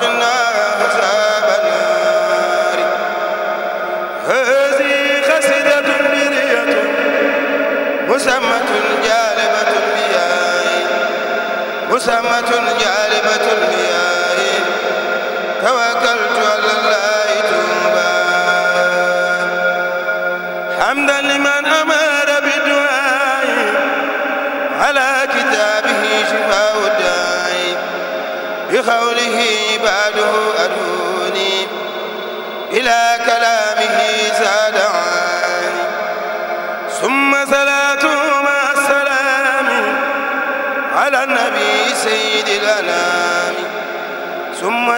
na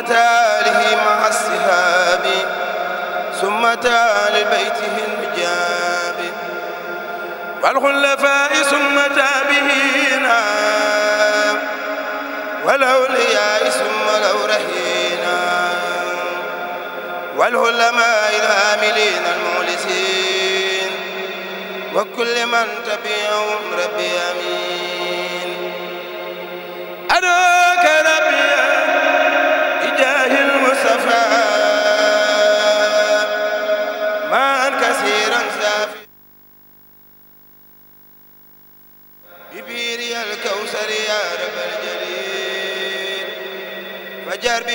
تاله مع السهاب ثم تال بيته المجاب والخلفاء ثم تابهينا والأولياء ثم لو رهينا والعلماء العاملين المخلصين وكل من تبعهم ربي أمين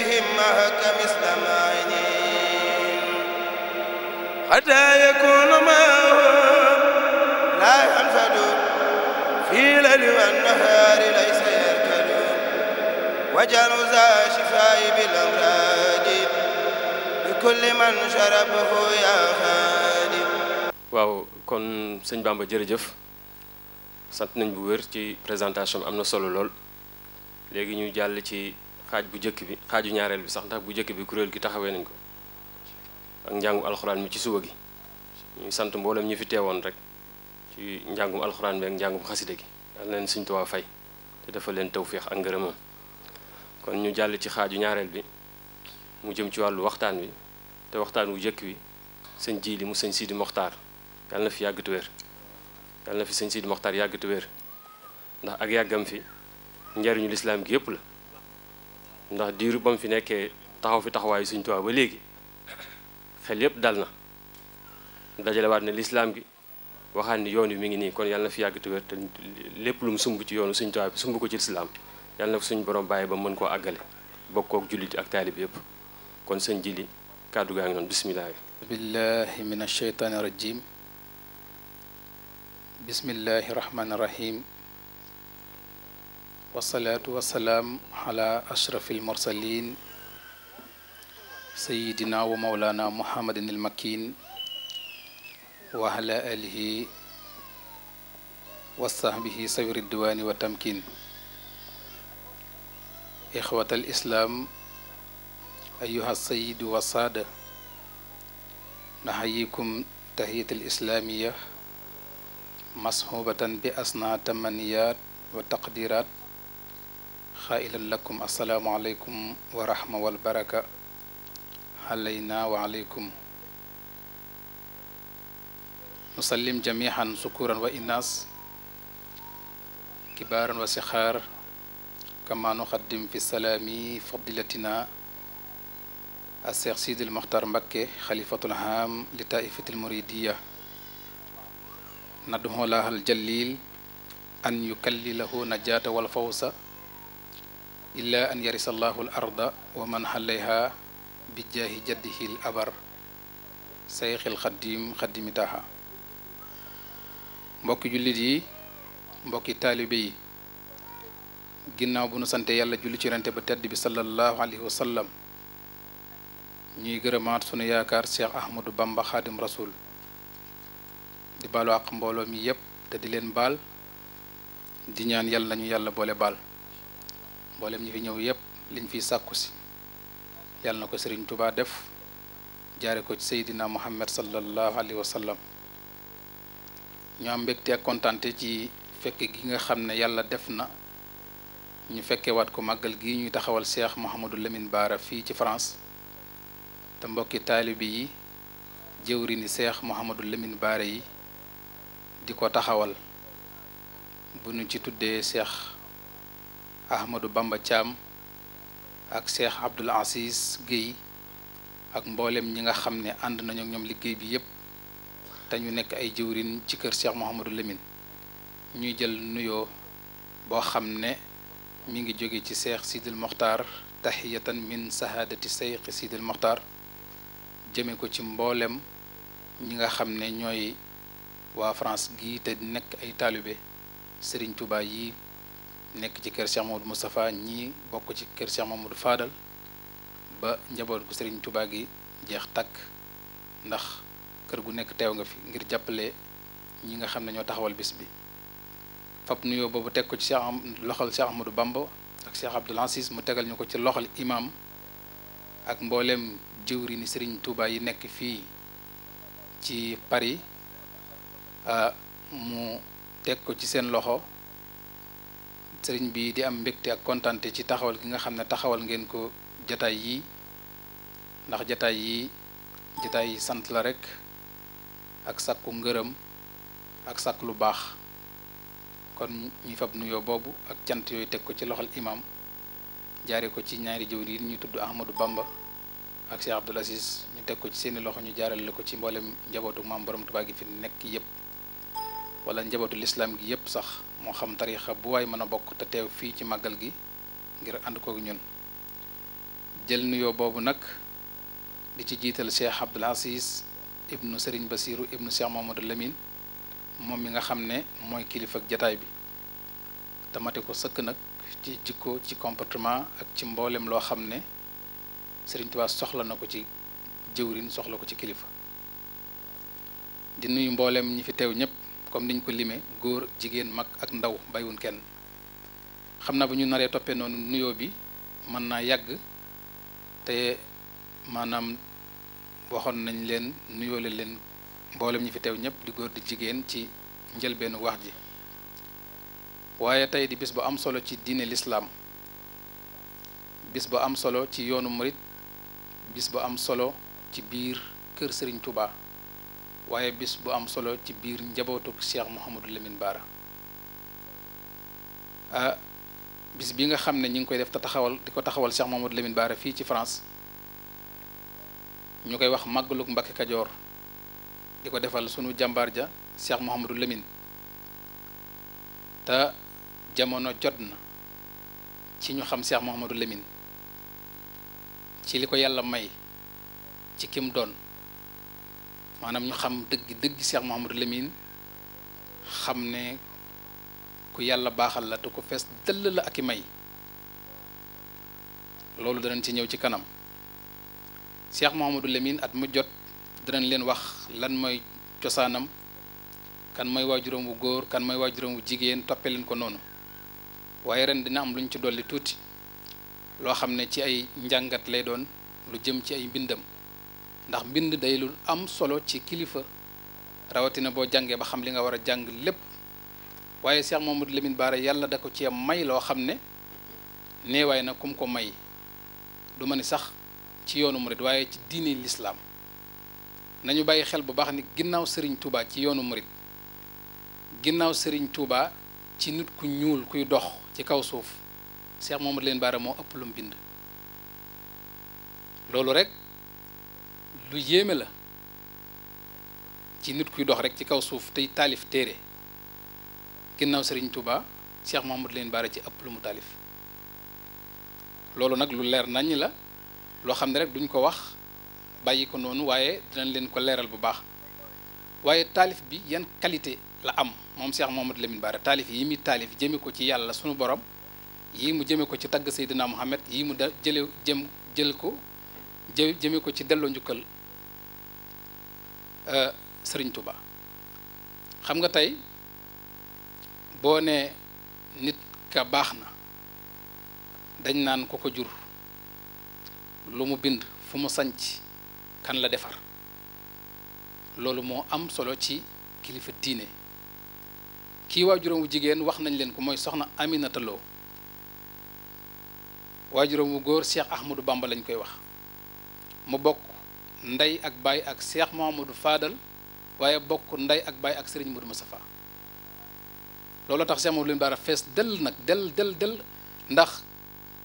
فيهم معك مثل معينين حتى يكون معهم لا ينفدون في الليل والنهار ليس يركلون وجعلوا ذا شفاء بالأمراض لكل من شربه يا خالد waaw kon sëñ Bamba jërëjëf sant nañ bu wér ci présentation am na solo lool léegi ñu jàll ci xaaj bu njëkk bi xaaju ñaareel bi sax ndax bu njëkk bi kuréel gi taxawee nañ ko ak njàngu alxuraan bi ci suba gi ñuy sant mboolem ñu fi teewoon rek ci njàngum alxuraan bi ak njàngum xasida gi yal na leen Sëñ Tuubaa fay te dafa leen tawféex ak ngërëmam kon ñu jàll ci xaaju ñaareel bi mu jëm ci wàllu waxtaan wi te waxtaan wu njëkk wi sëñ Jiili mu sëñ Sidi Moxtaar yal na fi yàgg te wér yal na fi sëñ Sidi Moxtaar yàgg te wér ndax ak yàggam fi njariñu lislaam yëpp la ndax diiru ba mu fi nekkee taxaw fi taxawaayu Sëriñ Tuubaa ba léegi xel yépp dal na dajalewaat ne lislaam gi waxaat ni yoon wi mu ngi nii kon yàlla na fi yàgg te wér te lépp lu mu sumb ci yoonu Sëriñ Tuubaa sumb ko ci lislaam yàlla na ko suñu borom bàyyi ba mën koo àggale bokkook jullit ak taalib yépp kon sëñ jili kàddu gaa ngi noonu bismillaahi billahi min asheytaani wasalaatu wasalaam ala ashrafi almursalin sayidina wa maulana muhammadin almakin wa ala alihi wa sahbihi sawi ridwaani wa tamkin ixwat alislaam ayuha sayidu wa saada naxayikum tahiyat alislaamiya masxubatan bi asna tamaniyaat wa taqdiraat xaailan lakum asalaamualeykum wa rahma wal baraka alayna wa aleykum nusallim jamihan sukuran wa innaas kibaaran wa sixaar kama nuxaddim fi salaami fadilatina a Cheikh Sidil Mokhtar Mbacké xalifatul haam li taifatil muridiya nadmo lahal jalil an yukallilahu najaata wal fawsa illaa an yarisa allahu al arda wa man xalayha bi al abar sayxil xaddim xaddimi mbokki jullit yi mbokki taalibe yi ginnaaw bu nu sante yàlla julli ci rente ba tedd bi sallallahu alayhi wa ñuy gërëmaat sunu yaakaar cheikh ahmadou bamba xaadim rasul di baalu àq mbooloo mi yépp te di leen baal di ñaan yàlla nañu yàlla boole baal mboolem ñi fi ñëw yépp liñ fiy sàkku si yàlla na ko sëriñ Touba def jaare ko ci Seydina Muhammad sallallahu alayhi wa sallam ñu am mbégte ak kontante ci fekk gi nga xam ne yàlla def na ñu fekke waat ko màggal gi ñuy taxawal Cheikh Mouhamadou lemin baara fii ci France te mbokki taalibi yi jëwri ni Cheikh Mouhamadou lemin Bara yi di ko taxawal bu ñu ci tuddee Cheikh Ahmadou Bamba Thiam ak Cheikh Abdoul Aziz Guèye ak mboolem ñi nga xam ne ànd nañu ñoom liggéey bi yépp te ñu nekk ay jëwrin ci kër Cheikh Mouhamadou lemin ñuy jël nuyoo boo xam ne mi ngi jóge ci Cheikh Sidil Mokhtar tahiyatan min sahadati Cheikh Sidil Mokhtar jëme ko ci mbooleem ñi nga xam ne ñooy waa France gii te nekk ay taalibe Serigne Touba yi nekk ci kër Cheikh Mamadou Moustapha ñii bokk ci kër Cheikh Mamadou Fadal ba njaboot gu Serigne Touba gi jeex takk ndax kër gu nekk teew nga fi ngir jàppale ñi nga xam ne ñoo taxawal bis bi fab nuyoo boobu teg ko ci Cheikh am loxol Cheikh Ahmadou Bamba ak Cheikh Abdoul Aziz mu tegal ñu ko ci loxol imam ak mbooleem jëwri ni Serigne Touba yi nekk fii ci Paris ah, mu teg ko ci seen loxo sëriñ bi di am mbégte ak kontante ci taxawal gi nga xam ne taxawal ngeen ko jataay yi ndax jataay yi jataay yi sant la rek ak sakku ngërëm ak sakk lu baax kon ñu fab nuyoo boobu ak cant yooyu teg ko ci loxol imam jaare ko ci ñaari jëwr yi ñu tudd Ahmadou Bamba ak Cheikh Abdoul Aziz ñu teg ko ci seeni loxo ñu jaaral la ko ci mboolem njabootu maam borom Tuubaa gi fi nekk yépp wala njabootu lislaam gi yépp sax moo xam tarixa bu waay mën a bokk te teew fii ci màggal gi ngir ànd kook ñun jël nuyoo boobu nag di ci jiital Cheikh Abdoul Aziz ibnu Serigne Basiru ibnu Cheikh Mamadou Lamine moom mi nga xam ne mooy kilifa ak jataay bi tamati ko sëkk nag ci jikko ci comportement ak ci mbooleem loo xam ne Serigne Touba soxla na ko ci jëwrin soxla ko ci kilifa di nuyu mboolem ñi fi teew ñëpp comme niñ ko lime góor jigéen mag ak ndaw bàyyiwun kenn xam naa bu ñu naree toppee noonu nuyoo bi mën naa yàgg te maanaam waxoon nañ leen nuyoole leen mboolem ñi fi teew ñëpp di góor di jigéen ci njëlbeenu wax ji waaye tey di bis bu am solo ci diine lislaam bis bu am solo ci yoonu murit bis bu am solo ci biir kër sëriñ tubaa waaye bis bu am solo ci biir njabootuk Cheikh Mouhamadou Lamine Bara ah bis bi nga xam ne ñi ngi koy def te taxawal di ko taxawal Cheikh Mouhamadou Lamine Bara fii ci France ñu koy wax màggaluk Mbàkke Kajoor di ko defal sunu jàmbaar ja Cheikh Mouhamadou lemin te jamono jot na ci ñu xam Cheikh Mouhamadou lemin ci li ko yàlla may ci kim doon maanaam ñu xam dëgg dëgg Cheikh Mouhamadou lemin xam ne ku yàlla baaxal la te ku fees dëll la ak i may loolu danañ ci ñëw ci kanam Cheikh Mouhamadou lemin at mu jot danañ leen wax lan mooy cosaanam kan mooy waajuram wu góor kan mooy waajuram wu jigéen toppe leen ko noonu waaye ren dina am luñ ci dolli tuuti loo xam ne ci ay njàngat lay doon lu jëm ci ay mbindam ndax mbind day lu am solo ci kilifa rawatina boo jàngee ba xam li nga war a jàng lépp waaye Cheikh Mamadou Lamine Bara yàlla da ko cee may loo xam ne neewaay na kum ko may du ma ni sax ci yoonu murid waaye ci diini lislaam nañu bàyyi xel bu baax ni ginnaaw sëriñ Touba ci yoonu murid ginnaaw sëriñ Touba ci nit ku ñuul kuy dox ci kaw suuf Cheikh Mamadou Lamine Bara moo ëpp lu mu bind loolu rek. lu yéeme la ci nit kuy dox rek ci kaw suuf tey taalif téere ginnaaw sëriñ Touba Cheikh Mouhamadou Lamine Bara ci ëpp lu mu taalif loolu nag lu leer naññ la loo xam ne rek duñ ko wax bàyyi ko noonu waaye dinañ leen ko leeral bu baax waaye taalif bi yan qualité la am moom Cheikh Mouhamadou Lamine Bara taalif yi muy taalif jëme ko ci yàlla sunu borom yii mu jëme ko ci tagg Seydina Muhammad yi mu da jële jëm jël ko jë jëme ko ci delloo njukkal sëriñ Touba xam nga tey boo nee nit ka baax na dañ naan ko ko jur lu mu bind fu mu sanc kan la defar loolu moo am solo ci kilifa diine kii waajuram wu jigéen wax nañ leen ko mooy soxna Aminata Lo waajuram wu góor Cheikh Ahmadou Bamba lañ koy wax mu bokk ndey ak baay ak ma Mouhamadou faadal waaye bokk ndey ak baay ak Serigne Modou Moustapha loolu tax Cheikh Mouhamadou Bara fees dell nag del del del ndax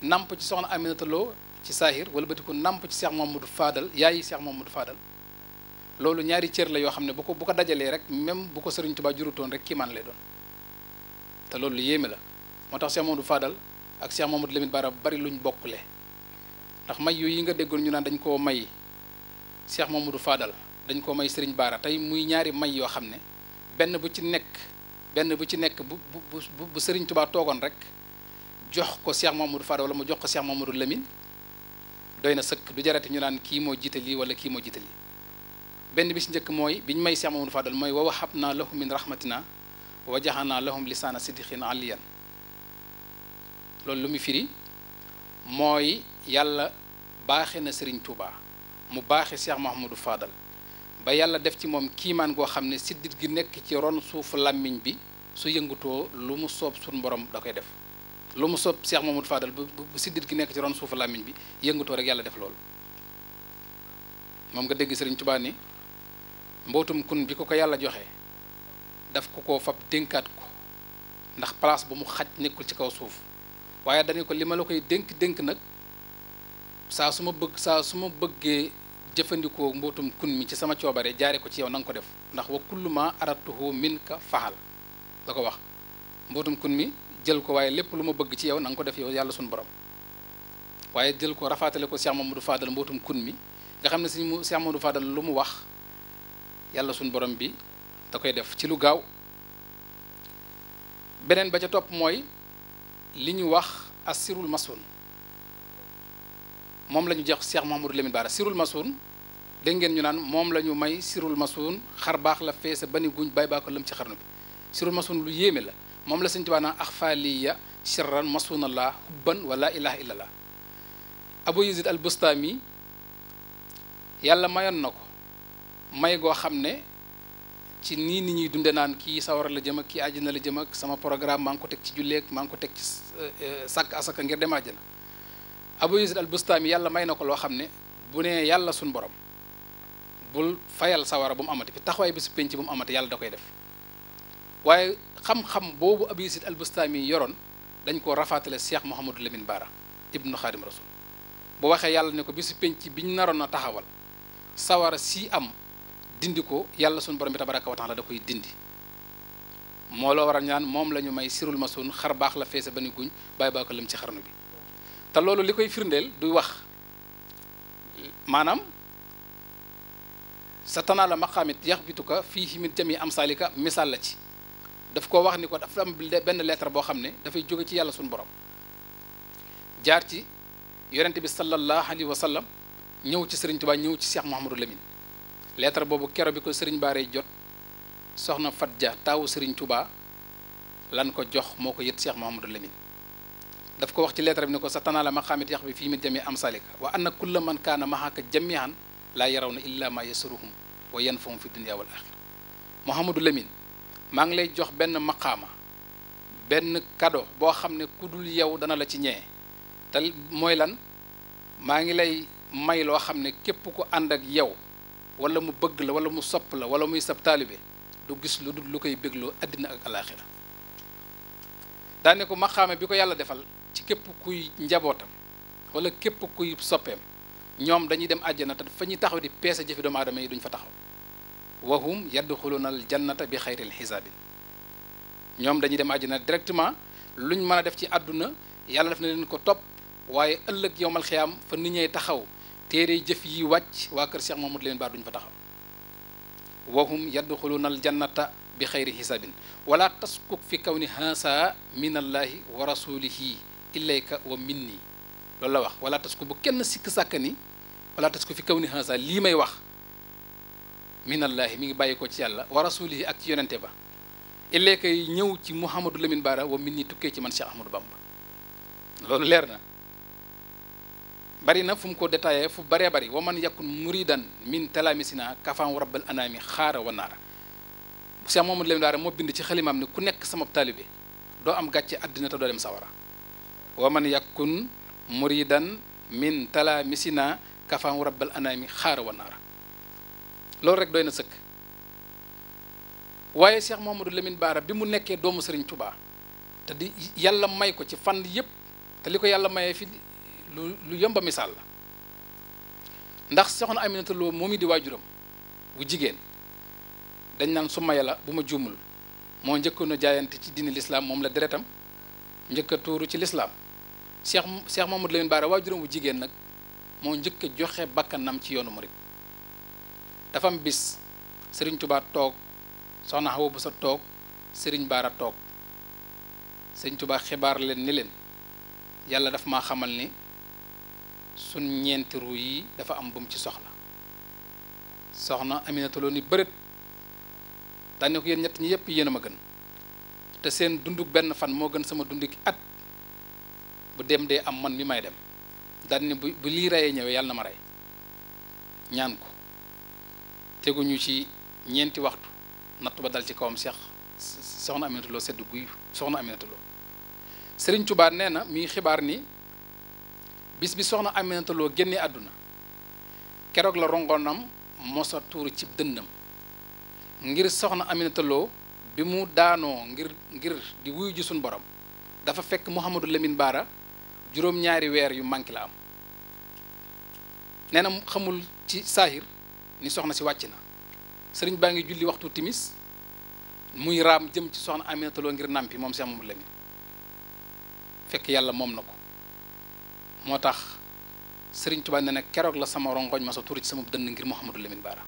namp ci soxna Aminata Lo ci saahir wala batiku namp ci Cheikh Mouhamadou Fadal yaayi Cheikh Mouhamadou Fadal loolu ñaari cër la yoo xam ne bu ko bu ko dajalee rek même bu ko Serigne Touba jurutoon rek kiimaan lay doon te loolu lu yéeme la moo tax Cheikh Mouhamadou Fadal ak Cheikh Mouhamadou Lamine Bara bari luñ bokkule ndax may yooyu yi nga déggoon ñu naan dañ koo may Cheikh Mamadou Fadal dañ ko may Serigne Baara tey muy ñaari may yoo xam ne benn bu ci nekk benn bu ci nekk bu bu bu Serigne Touba toogoon rek jox ko Cheikh Mamadou Fadal wala mu jox ko Cheikh Mamadou Lamine doy na sëkk du jarate ñu naan kii moo jiite lii wala kii moo jiite lii benn bi ci njëkk mooy biñ may Cheikh Mamadou Fadal mooy wa wahabnaa lahum min rahmatina wa jaxanaa lahum lisaana siddiqin aliyan loolu lu mu firi mooy yàlla baaxe na Serigne Touba. mu baaxi Cheikh Mahamadou faadal ba yàlla def ci moom kiimaan goo xam ne siddit gi nekk ci ron suufu làmmiñ bi su yëngutoo lu mu soob suñu borom da koy def lu mu soob Cheikh Mahamadou faadal bu siddit gi nekk ci ron suufu làmmiñ bi yëngutoo rek yàlla def loolu moom nga dégg Sëriñ Tuubaa ni mbootum kun bi ko ko yàlla joxe daf ko koo fab dénkaat ko ndax place bu mu xaj nekkul ci kaw suuf waaye dañu ko li ma la koy dénk dénk nag saa su ma bëgg saa su ma bëggee jëfandikoo mbootum kun mi ci sama coobare jaare ko ci yow na nga ko def ndax wa kullu ma aradtuhu minka faxal la ko wax mbootum kun mi jël ko waaye lépp lu ma bëgg ci yow na nga ko def yow yàlla suñu borom waaye jël ko rafaatale ko Cheikh Mamadou Fadal mbootum kun mi nga xam ne si mu Cheikh Mamadou Fadal lu mu wax yàlla suñu borom bi da koy def ci lu gaaw beneen ba ca topp mooy li ñu wax asirul masun moom la ñu jox Cheikh Mouhamadou Lamine Bara sirul masuun dégg ngeen ñu naan moom la ñu may sirul masuun xar baax la fee sa bani guñ bay baa ko lëm ci xarnu bi sirul masuun lu yéeme la moom la sëñ Tuubaa naan axfaaliya sirran masuunallah hubban wala ilaha illallah Abu Yazid al Bustami yàlla mayoon na ko may goo xam ne ci nii ni ñuy dunde naan kii sawara la jëm ak ki kii na la jëm ak sama programme maa ngi ko teg ci julleeg maa ngi ko teg ci eh, eh, sàkk asaka ngir dem àjjana Abu Yazid al yàlla may na ko loo xam ne bu nee yàlla suñ borom bul fayal sawara bu mu amati fi taxawaay bi si penc bu mu amati yàlla da koy def waaye xam-xam boobu Abu Yazid al Bustami yoroon dañ koo rafaatale Cheikh Mouhamadou Lamine Bara ibnu Xaadim Rasul bu waxee yàlla ne ko bi si penc ñu naroon a taxawal sawara si am dindi ko yàlla suñ borom bi tabaraka wa la da koy dindi moo la war a ñaan moom la ñu may ma masun xar baax la feese ba ni guñ bàyyi baa ko lëm ci bi te loolu li koy firndeel du wax maanaam sa tanaa la maqaamit yax bituka fii min jami am saalika misaal la ci daf ko wax ni ko dafa am benn lettre boo xam ne dafay jóge ci yàlla suñu borom jaar ci yonente bi sallallahu alayhi wa sallam ñëw ci sëriñ Tuubaa ñëw ci Cheikh Mouhamadou Lamine lettre boobu kero bi ko sëriñ Baaree jot soxna Fadja taawu sëriñ tubaa lan ko jox moo ko yët seex Mouhamadou Lamine daf ko wax ci lettre bi ne ko sa tanaa la maqaamit yax bi fii min jami am waa wa anna kulla man kaana maxaaka jamihan laa yaraw na illa ma yasuruhum wa yanfahum fi dunia wal axira Mouhamadou Lamine maa ngi lay jox benn maqaama benn cadeau boo xam ne ku dul yow dana la ci ñee te mooy lan maa ngi lay may loo xam ne képp ko ànd ak yow wala mu bëgg la wala mu sopp la wala muy sab taalibe du gis lu dul lu koy bégloo àddina ak alaaxira daane ko maqaame bi ko yàlla defal ci képp kuy njabootam walla képp kuy soppeem ñoom dañuy dem àjjana te fa ñuy taxaw di peese jëfi doomu aadama yi duñ fa taxaw wahum yadxuluna al jannata bi xayril xisaabin ñoom dañuy dem àjjana directement luñ mën def ci àdduna yàlla def na leen ko topp waaye ëllëg yowmal xiyaam fa nit ñay taxaw téere jëf yi wàcc waa kër Cheikh Mamadou Lamine Bara duñ fa taxaw wahum yadxuluna al jannata bi xayri xisaabin wala taskuk fi kaw ni hansa min allahi wa rasulihi ilayka wa minni loolu la wax wala tas ko bu kenn sikk sàkk ni wala tas ko fi kaw ni xansa lii may wax minallaahi mi ngi bàyyi ko ci yàlla wa rasulihi ak ci yonente ba ilayka yi ñëw ci Mouhamadou Lamine Bara wa minni tukkee ci man si Ahmadou Bamba loolu leer na bari na fu ko détaillé fu baree bari wa man yakun muridan min talamisina kafan rabbal anaami xaara wa naara Cheikh Mouhamadou Lamine Bara moo bind ci xalimaam ne ku nekk sama taalibe doo am gàcce àddina te doo sawara wa man yakun muridan min talaamisina kafaahu rabbal anaami xaara wa naara loolu rek doy na sëkk waaye Cheikh Mouhamadou Lamine Bara bi mu nekkee doomu Sëriñ Tubaa te di yàlla may ko ci fànn yëpp te li ko yàlla mayee fi lu lu yomba misaal la ndax soxna Aminata Lo moom it di waajuram bu jigéen dañ naan su suma la bu ma juumul moo njëkkoon a jaayante ci diini lislaam moom la deretam njëkk a tuuru ci lislaam Cheikh Cheikh Mamadou Lamine Bara waajuram bu jigéen nag moo njëkk joxe bàkkanam ci yoonu murit dafa am bis sëriñ tubaat toog soxna Awa bu sa toog Serigne Bara toog Serigne Touba xibaar leen ni leen yàlla dafa ma xamal ni suñ ñeenti ru yi dafa am bum ci soxla soxna na Lo ni bërët daane ko yéen ñett ñi yëpp yéen a ma gën te seen dunduk benn fan moo gën sama dunduk at bu dem dee am man mi may dem daan ni bu bu lii reyee ñëwee yàlla na ma rey ñaan ko teguñu ci ñeenti waxtu natt ba dal ci kawam seex soxna Aminata Lo sedd guy soxna Aminata Lo Sëriñ nee na mi xibaar ni bis bi soxna Aminata Lo àdduna keroog la rongoonam mosa tuuru ci dënnam ngir soxna Aminata bi mu daanoo ngir ngir di wuyu ji suñ borom dafa fekk Mouhamadou Lamine Baara juróom-ñaari weer yu manqué la am nee na xamul ci saahir ni soxna si wàcc na sëriñ baa ngi julli waxtu timis muy raam jëm ci soxna Aminata Lo ngir nàmpi moom Cheikh Mamadou Lamine fekk yàlla moom na ko moo tax sëriñ Tuubaa ne nag keroog la sama rongoñ ma sa tuuri ci sama dënn ngir Mouhamadou Lamine Bara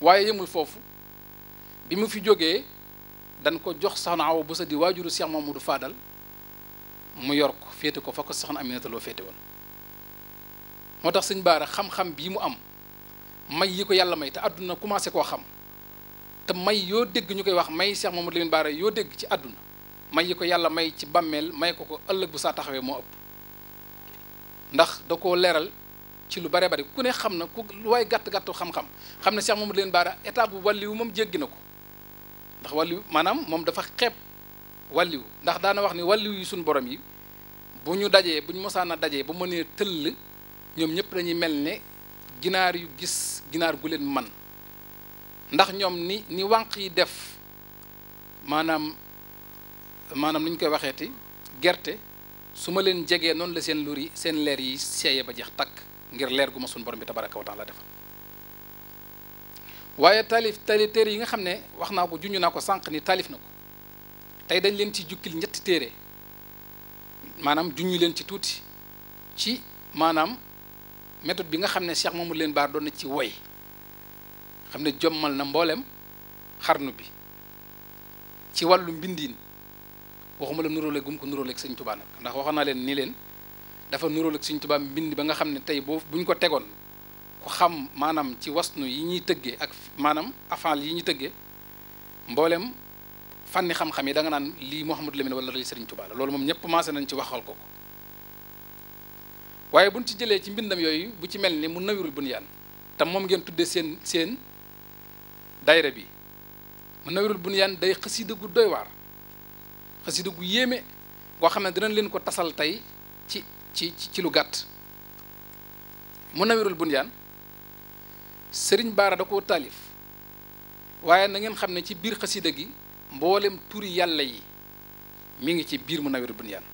waaye yëmul foofu bi mu fi jógee dan ko jox soxna Awa bu sa di waajuru mu du faadal mu yor ko féete ko fa ko soxna Aminata Lo féete woon moo tax sëñ Baara xam-xam bii mu am may yi ko yàlla may te àdduna commencé koo xam te may yoo dégg ñu koy wax may Cheikh Mamadou Lamine Baara yoo dégg ci àdduna may yi ko yàlla may ci bàmmeel may ko ko ëllëg bu saa taxawee moo ëpp ndax da koo leeral ci lu bare bari ku ne xam na ku lu waaye gàtt-gàtt xam-xam xam ne Cheikh Mamadou Lamine Baara état bu wàlliwu moom jéggi na ko ndax wàlliwu maanaam moom dafa xeeb wàlliw ndax daana wax ni wàlliw yi suñu borom yi bu ñu dajee bu ñu mosaan a dajee bu mënee tëll ñoom ñëpp dañuy mel ne ginaar yu gis ginaar gu leen man ndax ñoom ni ni wànq yi def maanaam maanaam ni ñu koy waxeeti gerte su ma leen jegee noonu la seen lur seen leer yi seeye ba jeex takk ngir leer gu ma suñu borom bi tabaraka wa taala defal waaye taalif taali téere yi nga xam ne wax naa ko junj naa ko sànq ni taalif na ko tey dañ leen ci jukkil ñetti téere maanaam juñu leen ci tuuti ci maanaam méthode bi nga xam ne Cheikh Mamadou leen Bara doon na ci woy xam ne jommal na mbooleem xarnu bi ci wàllu mbindiin waxuma la nuróole gum ko nuróoleeg sëñ Tuubaa nag ndax waxoon naa leen ni leen dafa nuróoleeg sëñ Tuubaa mbind ba nga xam ne tey boo buñ ko tegoon ku xam maanaam ci wasnu yi ñuy tëggee ak maanaam afal yi ñuy tëggee mbooleem fànni xam-xam yi danga naan lii Mouhamadou Lamine wala lii Serigne Touba la loolu moom ñëpp maase nañ ci waxal ko ko waaye buñ ci jëlee ci mbindam yooyu bu ci mel ni mu nawirul bunyaan te moom ngeen tuddee seen seen daayira bi mu nawirul bunyaan day xasida gu doy waar xasida gu yéeme boo xam ne dinañ leen ko tasal tey ci ci ci lu gàtt mu nawirul bunyaan sëriñ Baara da koo taalif waaye na ngeen xam ne ci biir xasida gi mboolem turi yàlla yi mi ngi ci biir mu Munawwirul Bunyaan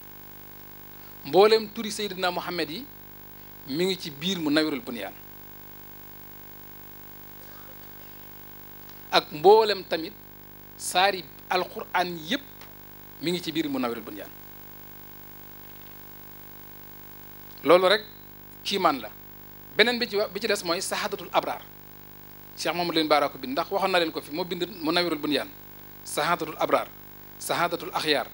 mboolem turi Seydina Muhammad yi mi ngi ci biir mu Munawwirul Bunyaan ak mboolem tamit saari alquran yépp mi ngi ci biir mu Munawwirul Bunyaan loolu rek kiimaan la beneen bi ci bi ci des mooy saxaadatul abraar Cheikh Mamadou leen baaraako bind ndax waxoon na leen ko fi moo bind Munawwirul Bunyaan sahaadatul abraar saxaadatul axyaar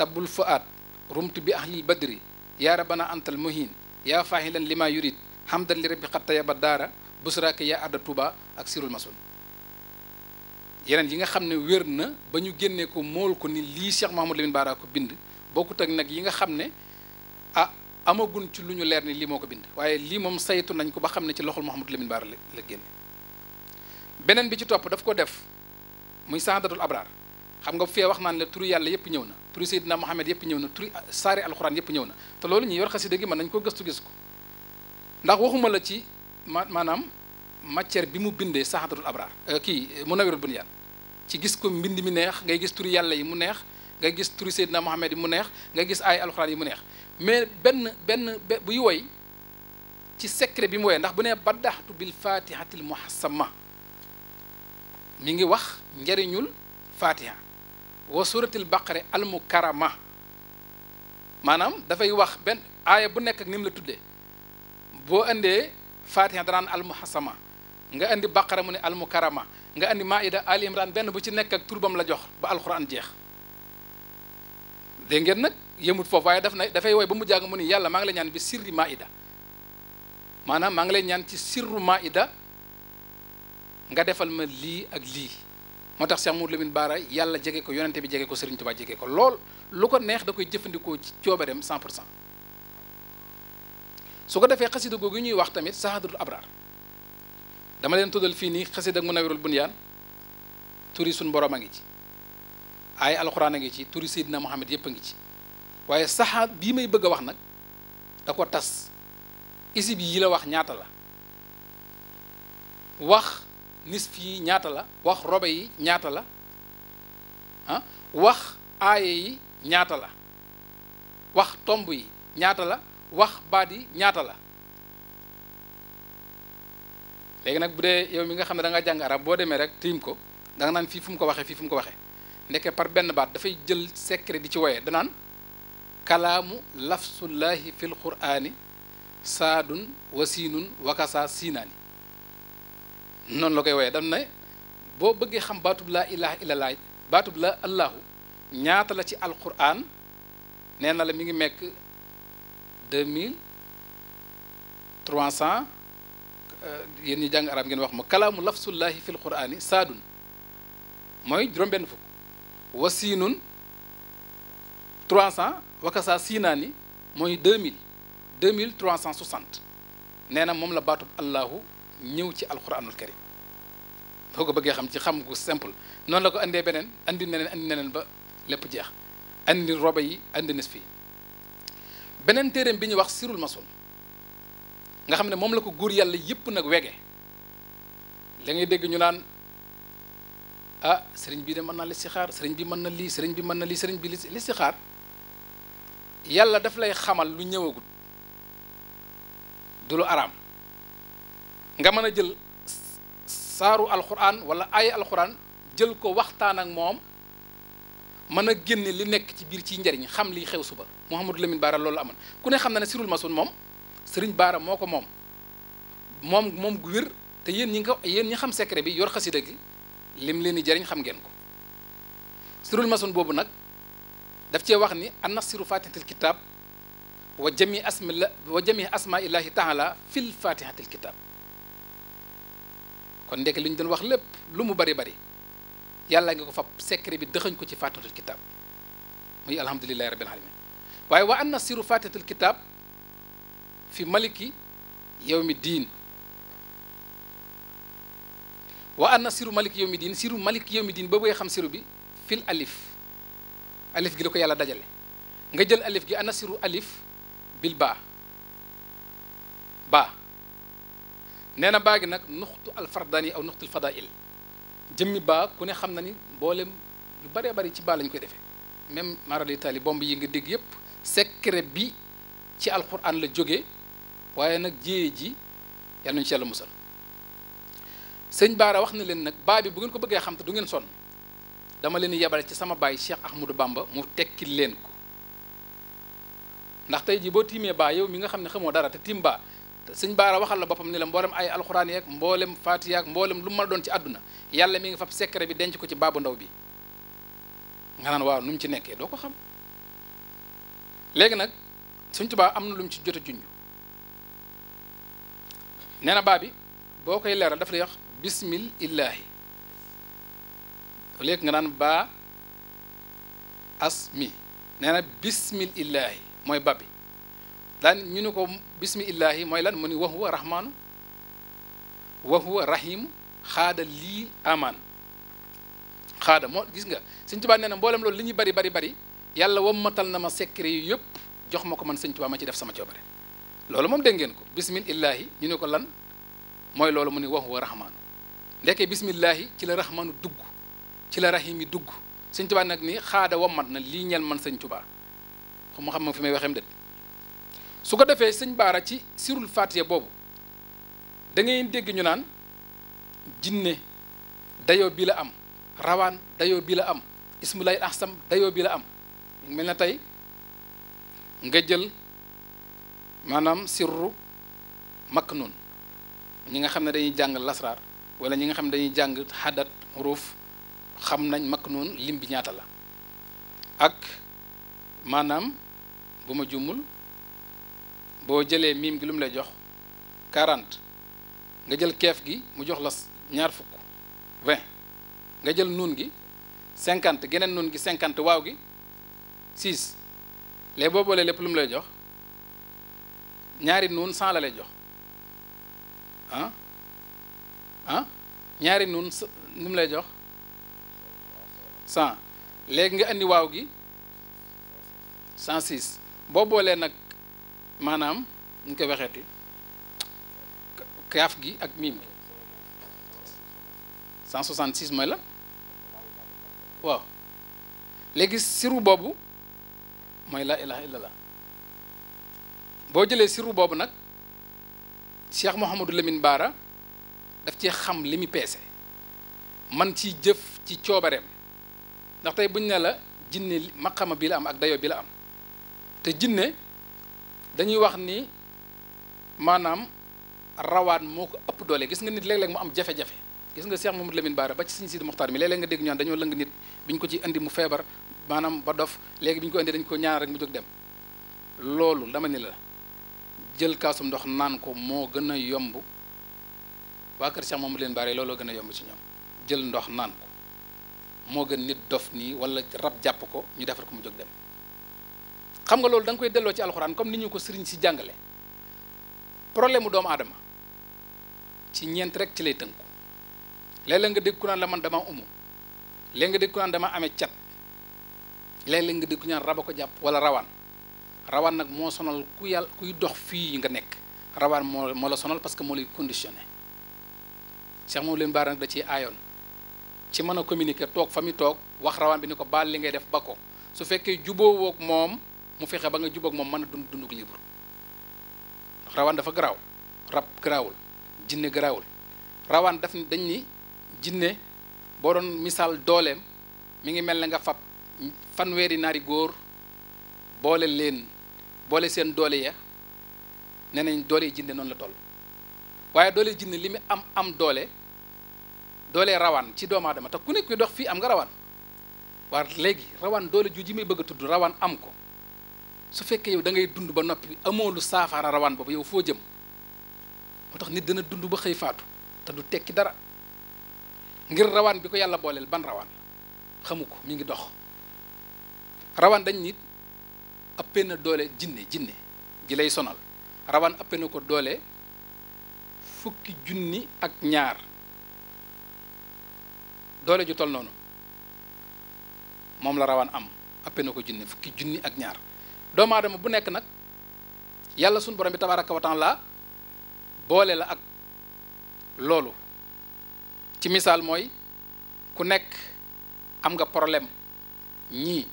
tabul fuaad rumtu bi ahlil badri yaa rabana antal muhin yaa faahilan lima yurid hamdan li rabbi xattaya ba daara busraaka yaa adda tuba ak sirul masun yeneen yi nga xam ne wér na ba ñu génnee ko mool ko ni lii Cheikh Mahamadou Lamine Bara ko bind bokkut ak nag yi nga xam ne ah amagun ci lu ñu leer ni lii moo ko bind waaye lii moom saytu nañ ko ba xam ne ci loxol Mahamadou Lamine Bara la la génne beneen bi ci topp daf ko def muy saadatul abraar xam nga fee wax naan la turu yàlla yëpp ñëw na turu Seydina Mohamed yëpp ñëw na turu saari alxuraan yëpp ñëw na te loolu ñuy yor xasida gi mën nañ ko gëstu gis ko ndax waxuma la ci ma maanaam matière bi mu bindee saadatul abraar euh, kii munawirul bunyaan ci gis ko mbind mi neex nga gis turu yàlla yi mu neex nga gis turu Seydina Mohamed yi mu neex ngay gis ay alxuraan yi mu neex mais benn benn buy woy ci secret bi mu woy ndax bu nee baddaxtu bil fatihatil muhassama mi ngi wax njariñul fatiha wa suratul baqare al mukarama maanaam dafay wax benn aaya bu nekk ak ni la tuddee boo indee fatiha danaan al muhasama nga indi baqara mu ne al mukarama nga indi maida ali benn bu ci nekk ak turbam la jox ba alquran jeex dégg ngeen nag yëmut foofu waaye daf na dafay woy ba mu jàng mu ni yàlla maa ngi lay ñaan bi sirri maida maanaam maa ngi lay ñaan ci sirru maida nga defal ma lii ak lii moo tax Cheikh Mouhamadou Lamine Bara yàlla jege ko yonente bi jege ko Serigne Touba jege ko lool lu ko neex da koy jëfandikoo ci coobareem 100 pour su ko defee xasida googu ñuy wax tamit saxaadul abraar dama leen tuddal fii nii xasida Munawwirul Bunyaan turi suñ borom a ngi ci ay alxuraan a ngi ci turi Seydina Muhammad yëpp a ngi ci waaye saxaat bii may bëgg a wax nag da ko tas isib yi la wax ñaata la wax nisf yi ñaata la wax robe yi ñaata la ah, wax aaye yi ñaata la wax tomb yi ñaata la wax baat yi ñaata la léegi nag bu dee yow mi nga xam ne da nga jàng arab boo demee rek tiim ko da naan fii fu mu ko waxee fii fu mu ko waxee ndekke par benn baat dafay jël secret di ci woyee danaan kalaamu lafsullahi fil qur'ani saadun wa siinun wakasa siinaani noonu la koy woyee daf na boo bëggee xam baatub laa ilaha illallah baatub la allahu ñaata la ci alquran nee na la mi ngi mekk deux mille trois cent euh, yéen ñi jàng arab ngeen wax ma kalaamu lafsullahi fil qurani saadun mooy juróom-benn fukk wa siinun trois wakasa siinaani mooy deux mille deux mille trois cent soixante nee na moom la baatub allahu ñëw ci alquranul karim boo ko bëggee xam ci xam gu simple noonu la ko indee beneen andi neneen andi neneen ba lépp jeex andi robe yi andi nisf yi beneen téereem bi ñu wax sirul mason nga xam ne moom la ko góor yàlla yëpp nag wege la ngay dégg ñu naan ah sëriñ bi de mën naa listixaar sëriñ bi mën na lii sëriñ bi mën na lii sëriñ bi listixaar yàlla daf lay xamal lu ñëwagut du lu araam nga mën a jël saaru alxuraan wala ay alxuraan jël ko waxtaan ak moom mën a génne li nekk ci biir ci njariñ xam li xew suba Mouhamadou Lamine Baara loolu amoon ku ne xam na ne sirul masoon moom sëriñ Baara moo ko moom moom moom gu wér te yéen ñi nga yéen ñi xam secret bi yor xasida gi lim leen di jariñ xam ngeen ko sirul masoon boobu nag daf cee wax ni an nasiru fatihatil kitab wa jami asma wa jami asma illahi taala fil fatihatil kitab kon ndeke li ñu doon wax lépp lu mu bari bari yàlla nga ko fab secret bi dëxañ ko ci faatihatul kitaab muy alhamdulillahi rabbil alamin waaye wa an nasiru faatihatul kitaab fi maliki mi diin wa an nasiru maliki yawmi diin siru maliki yawmi diin boobu ngay xam siru bi fil alif alif gi la ko yàlla dajale nga jël alif gi an nasiru alif bil baa baa nee na baa gi nag nuxtu alfardaan yi aw nuxtul fadail jëmmi baa ku ne xam na ni mboolem yu baree bëri ci baa lañ koy defee même maarali taali bomb yi nga dégg yëpp secret bi ci alquran la jóge waaye nag jiyee ji yal nañu ci yàlla musal sëñ Baara wax na leen nag baa bi bu ngeen ko bëggee xam te du ngeen sonn dama leen yebale ci sama baay Cheikh Ahmadou Bamba mu tekkil leen ko ndax tey jii boo tiimee baa yow mi nga xam ne xamoo dara te tiim baa sëñ baara waxal la boppam ni la mboolem ay alxuraan yeeg mboolem faatiya ak mboolem lu mu mën doon ci àdduna yàlla mi ngi fab secret bi denc ko ci baabu ndaw bi nga naan waaw nu mu ci nekkee doo ko xam léegi nag sëñ Tuubaa am na lu mu ci jot a junj nee baa bi boo koy leeral daf lay wax bismil illaahi léegi nga naan baa asmi nee bismil illaahi mooy baa bi daan ñu ne ko bismillahi mooy lan mu ni wa huwa rahmaanu wa huwa rahimu xaada lii amaan xaada moo gis nga sëñ tubaa nee na mboolem loolu li ñuy bari bari bari yàlla wammatal na ma secret yi yëpp jox ma ko man sëñ tubaa ma ci def sama coobare loolu moom dégg ngeen ko bismillahi ñu ne ko lan mooy loolu mu ni wa huwa ndeke ndekkee bismillahi ci la rahmaanu dugg ci la rahim yi dugg sëñ tubaa nag ni xaada wammat na lii ñel man sañ tubaa xam xam ma fi may waxeem su ko defee sëñ baara ci sirul fatiha boobu dangay dégg ñu naan jinne dayo bi la am rawaan dayoo bi la am ismulaay ahsam dayoo bi la am mel na tey nga jël maanaam sirru maknun ñi nga xam ne dañuy jàng lasraar wala ñi nga xam ne dañuy jàng xadat ruuf xam nañ maknun lim bi ñaata la ak maanaam bu ma juumul boo jëlee miim gi lu lay jox quarante nga jël keef gi mu jox la ñaar fukk 20 nga jël nuun gi cinquante geneen nuun gi 50 waaw gi 6 léegi boo boolee lépp lu mu lay jox ñaari nuun 100 la lay jox ah ah ñaari nuun lu lay jox 100 léegi nga indi waaw gi 106 boo boolee nag. maanaam ñu koy waxeeti kaaf gi ak miim gi 166 mooy la waaw léegi siru boobu mooy laa ilaha illallah boo jëlee siru boobu nag Cheikh Mouhamadou Lamine Baara daf ci xam li mu peese man ci jëf ci coobareem ndax tey buñ ne la jinne maqama bi la am ak dayo bi la am te jinne dañuy wax ni maanaam rawaan moo ko ëpp doole gis nga nit léeg-léeg mu am jafe-jafe gis nga seex moom Mamadou Lamine Bara ba ci Sëriñ Sidi Moxtaar mi léeg-léeg nga dégg ñaan dañoo ko ci indi mu feebar maanaam ba dof léegi bi ñu ko indi dañ ko ñaan rek mu jóg dem loolu dama ni la jël kaasum ndox naan ko moo gën a yomb waa kër moom mu Lamine Bara looloo gën a yomb ci ñoom jël ndox naan ko moo gën nit dof nii wala rab jàpp ko ñu defar ko mu jóg dem xam nga loolu danga koy delloo ci alxuraan comme ni ñu ko sëriñ si jàngale problème mu doomu aadama ci ñeent rek ci lay tënku léeg-léeg nga dégg ku naan la man dama umu léeg nga dégg ku naan dama amee cat léeg-léeg nga dégg ku naan raba ko jàpp wala rawaan rawaan nag moo sonal ku yàlla kuy dox fii nga nekk rawaan moo moo la sonal parce que moo lay conditionné Cheikh moom leen baar nag da ciy aayoon ci mën a communiquer toog fa mi toog wax rawaan bi ni ko baal li ngay def ba su fekkee jubóowoog moom mu fexe ba nga jubóog moom mën a dund dunduk libre ndax rawaan dafa garaaw rab garaawul jinne garaawul rawaan daf dañ ni jinne boo doon misaal dooleem mi ngi mel ne nga fab fanweeri naari góor boole leen boole seen doole ya ne nañ doole jinne noonu la toll waaye doole jinne li mu am am doole doole rawaan ci doomu aadama te ku nekk kuy dox fii am nga rawaan waaye léegi rawaan doole ju ji may bëgg a tudd rawaan am ko su fekkee yow da ngay dund ba noppi amoo lu saafara rawan boobu yow foo jëm moo tax nit dina dund ba xëy faatu te du tekki dara ngir rawan bi ko yàlla booleel ban rawan xamu ko mi ngi dox rawan dañ nit ëppee na doole jinne jinne ji lay sonal rawan ëppee na ko doole fukki junni ak ñaar doole ju tol noonu moom la rawan am ëppee na ko junni fukki junni ak ñaar doomu aadama bu nekk nag yàlla sunu borom bi tabaraka wa la boole la ak loolu ci misaal mooy ku nekk am nga problème ñii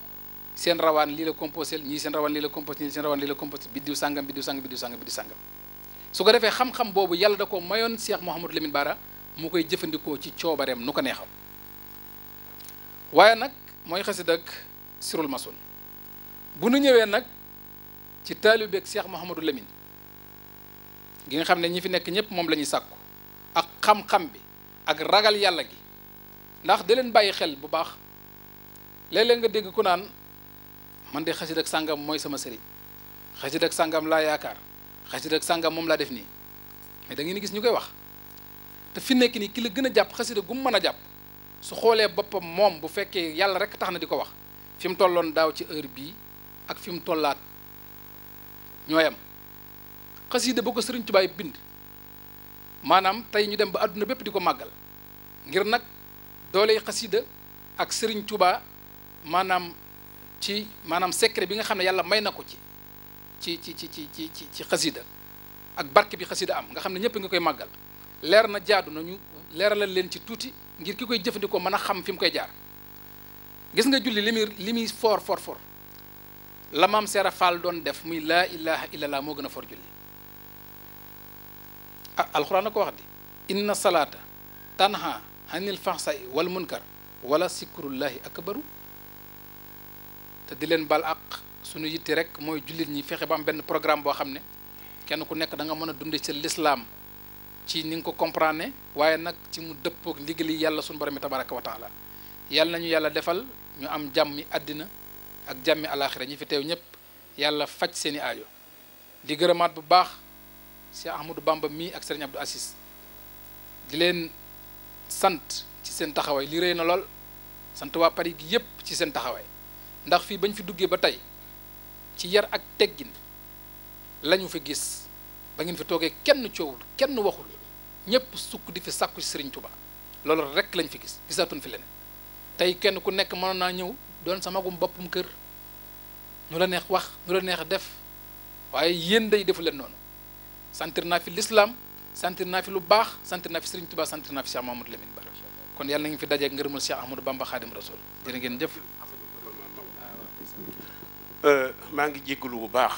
seen rawaan lii la composé ñii seen rawaan lii la composé ñii seen rawaan lii la composé biddiw sàngam biddiw sàngam biddiw sàngam biddiw sàngam su ko defee xam-xam boobu yàlla da ko mayoon Cheikh Mouhamadou Lamine Bara mu koy jëfandikoo ci coobareem nu ko neexaw waaye nag mooy xes ak sirul masun bu nu ñëwee nag ci taalibeeg Cheikh Mouhamadou Lamine gi nga xam ne ñi fi nekk ñëpp moom lañuy sàkku ak xam-xam bi ak ragal yàlla gi ndax da leen bàyyi xel bu baax léeg nga dégg ku naan man de xasid ak sàngam mooy sama sëriñ xasid ak sàngam laa yaakaar xasid ak sàngam moom laa def nii mais da ngeen gis ñu koy wax te fi nekk nii ki la gën a jàpp xasida gu mu mën a jàpp su xoolee boppam moom bu fekkee yàlla rek tax na di ko wax fi mu tolloon daaw ci heure bii ak fi mu tollaat ñooyam xasida ba ko sëriñ tubaay bind maanaam tey ñu dem ba àdduna bépp di ko màggal ngir nag dooley xasida ak sëriñ tubaa maanaam ci maanaam secret bi nga xam ne yàlla may na ko ci ci ci ci ci ci ci xasida ak barke bi xasida am nga xam ne ñëpp nga koy màggal leer na jaadu nañu leeralal leen ci tuuti ngir ki koy jëfandikoo mën a xam fi mu koy jaar gis nga julli li muy li muy for for lamam maam Seera Fall doon def muy laa ilaha illallah moo gën a for julli ah alxuraan a ko wax di inna salaata tanha anil fahsai wal munkar wala sikrullahi akbaru te di leen bal ak suñu yitte rek mooy jullit ñi fexe ba am benn programme boo xam ne kenn ku nekk da nga mën a dunde ci lislaam ci ni nga ko comprendre waaye nag ci mu dëppook li yàlla suñu borom bi tabaraka wa taala yàlla nañu yàlla defal ñu am jàmmi àddina ak jàmmi alaxira ñi fi teew ñëpp yàlla faj seeni ajo di gërëmaat bu baax Cheikh Ahmadou Bamba mii ak Serigne Abdou Assis di leen sant ci seen taxawaay li rey na lool sant waa Paris gi yëpp ci seen taxawaay ndax fii bañ fi duggee ba tey ci yar ak teggin lañu fi gis ba ngeen fi toogee kenn coowul kenn waxul ñëpp sukk di fi sàkku ci Serigne Touba loolu rek lañ fi gis gisaatuñ fi leneen tey kenn ku nekk mën naa ñëw doon sa magum boppum kër nu la neex wax nu la neex def waaye yéen day defu leen noonu sentir naa fi l'islam sentir naa fi lu baax sentir naa fi Serigne Touba sentir naa fi Cheikh Mamadou Lamine kon yàlla nañu fi dajeeg ngërëmal Cheikh Ahmadou Bamba Khadim Rasoul jërë ngeen jëf euh, maa ngi jégalu bu baax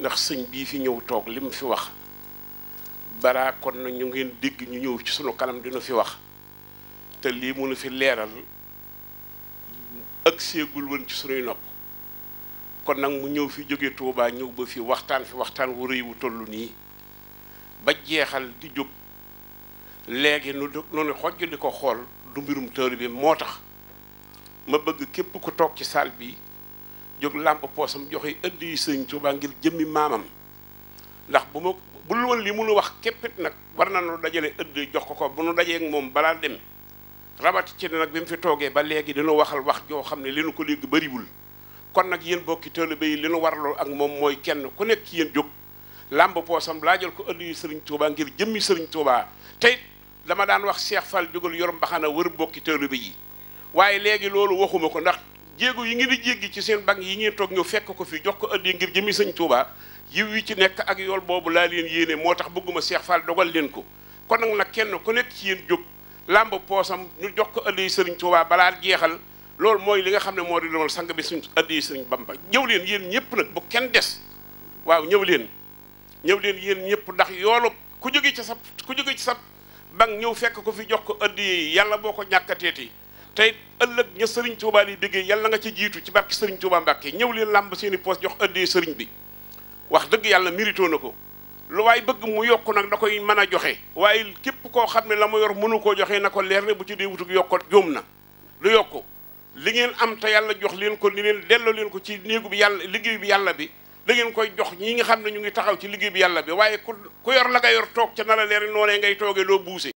ndax sëñ bii fi ñëw toog li mu fi wax bara kon na ñu ngeen dégg ñu ñëw ci sunu kanam dina fi wax te lii mënu fi leeral ak séegul ci sunuy nopp kon nag mu ñëw fi jóge tuubaa ñëw ba fi waxtaan fi waxtaan wu rëy wu tollu nii ba jeexal di jóg léegi nu nu xojj di ko xool du mbirum tër bi moo tax ma bëgg képp ku toog ci saal bi jóg làmp poosam joxe ëdd yi sëñ Touba ngir jëmmi maamam ndax bu ma bul woon li mënu wax képpit nag war na nu dajale ëdd jox ko ko bu nu dajee ak moom balaa dem rabat ci nag bi mu fi toogee ba léegi dina waxal wax joo xam ne li ko léegi bariwul kon nag yéen bokki taalibe yi li nu warloo ak moom mooy kenn ku nekk ci yéen jóg làmb poosam laajal ko ëlli sëriñ Touba ngir jëmmi sëriñ Touba tey dama daan wax Cheikh Fall jógal yor mbaxana wër bokki taalibe yi waaye léegi loolu waxuma ko ndax jéego yi ngeen di jéggi ci seen bank yi ngeen toog ñëw fekk ko fi jox ko ëlli ngir jëmmi sëriñ Touba yiw yi ci nekk ak yool boobu laa leen yéene moo tax bëgguma Cheikh Fall dogal leen ko kon nag nag kenn ku nekk ci yéen jóg làmb poosam ñu jox ko ëllëg sëriñ Tuubaa balaa jeexal loolu mooy li nga xam ne moo di loolu sang bi suñ ëllëg sëriñ Bamba ñëw leen yéen ñëpp nag bu kenn des waaw ñëw leen ñëw leen yéen ñëpp ndax yoolu ku jóge ci sa ku jóge ci sa bank ñëw fekk ko fi jox ko ëllëg yàlla boo ko ñàkkateeti tey ëllëg ña sëriñ Tuubaa li déggee yàlla nga ci jiitu ci barki sëriñ Tuubaa Mbàkke ñëw leen làmb seen poos jox ëllëg sëriñ bi wax dëgg yàlla mérito na ko lu waay bëgg mu yokk nag da koy mën a joxe waaye képp koo xam ne la mu yor mënu koo joxe na ko leer ne bu ci dee wutug yokk juum na lu yokk li ngeen am te yàlla jox leen ko li leen delloo leen ko ci néegu bi yàlla liggéey bi yàlla bi da ngeen koy jox ñi nga xam ne ñu ngi taxaw ci liggéey bi yàlla bi waaye ku ku yor la nga yor toog ca na la leer noonee ngay toogee loo buuse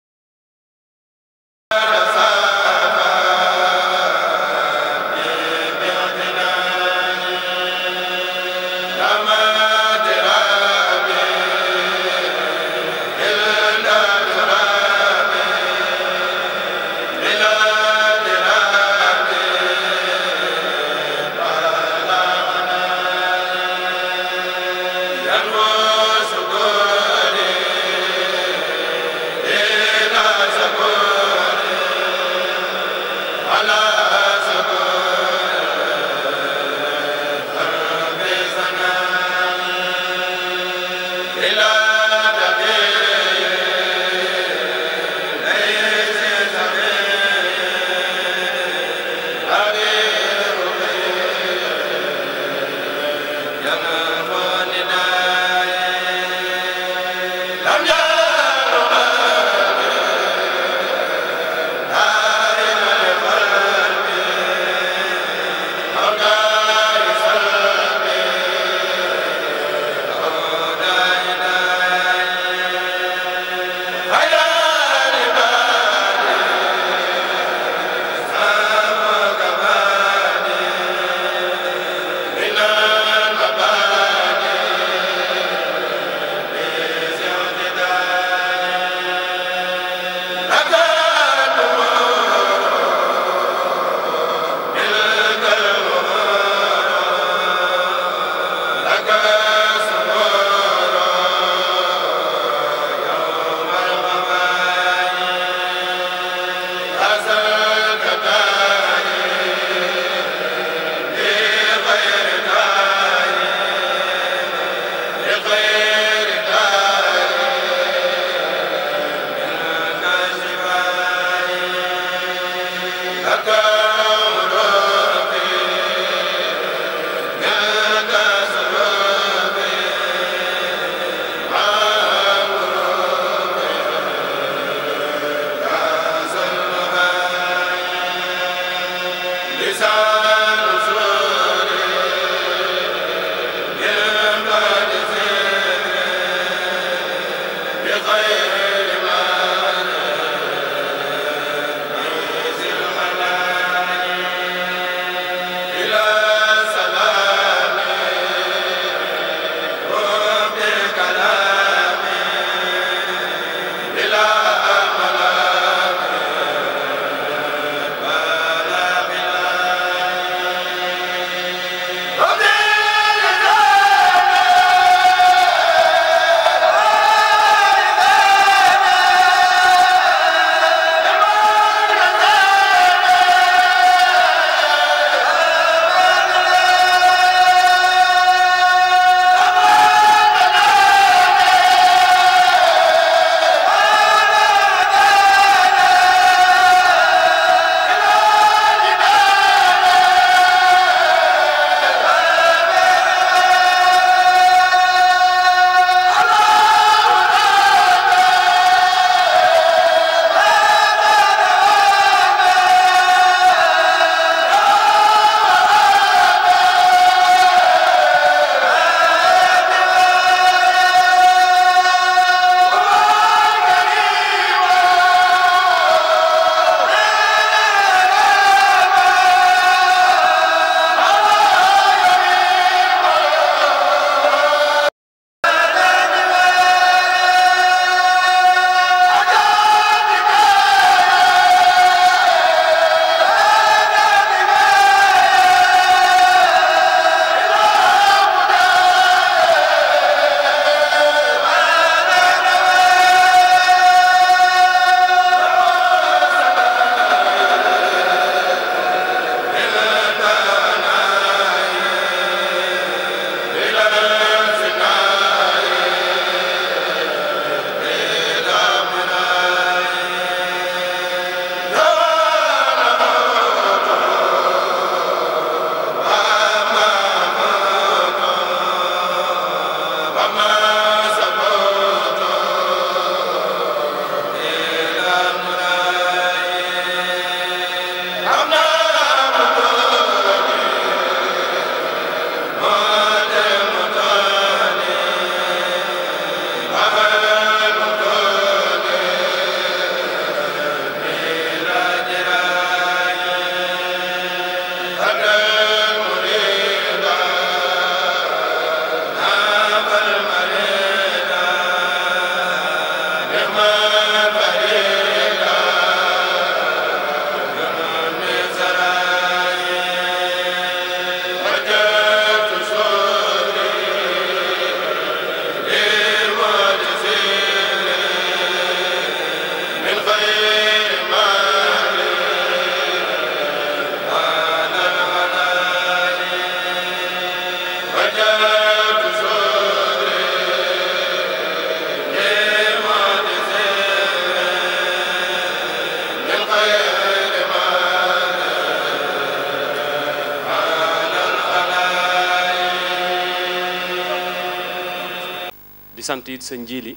sant it sa njiili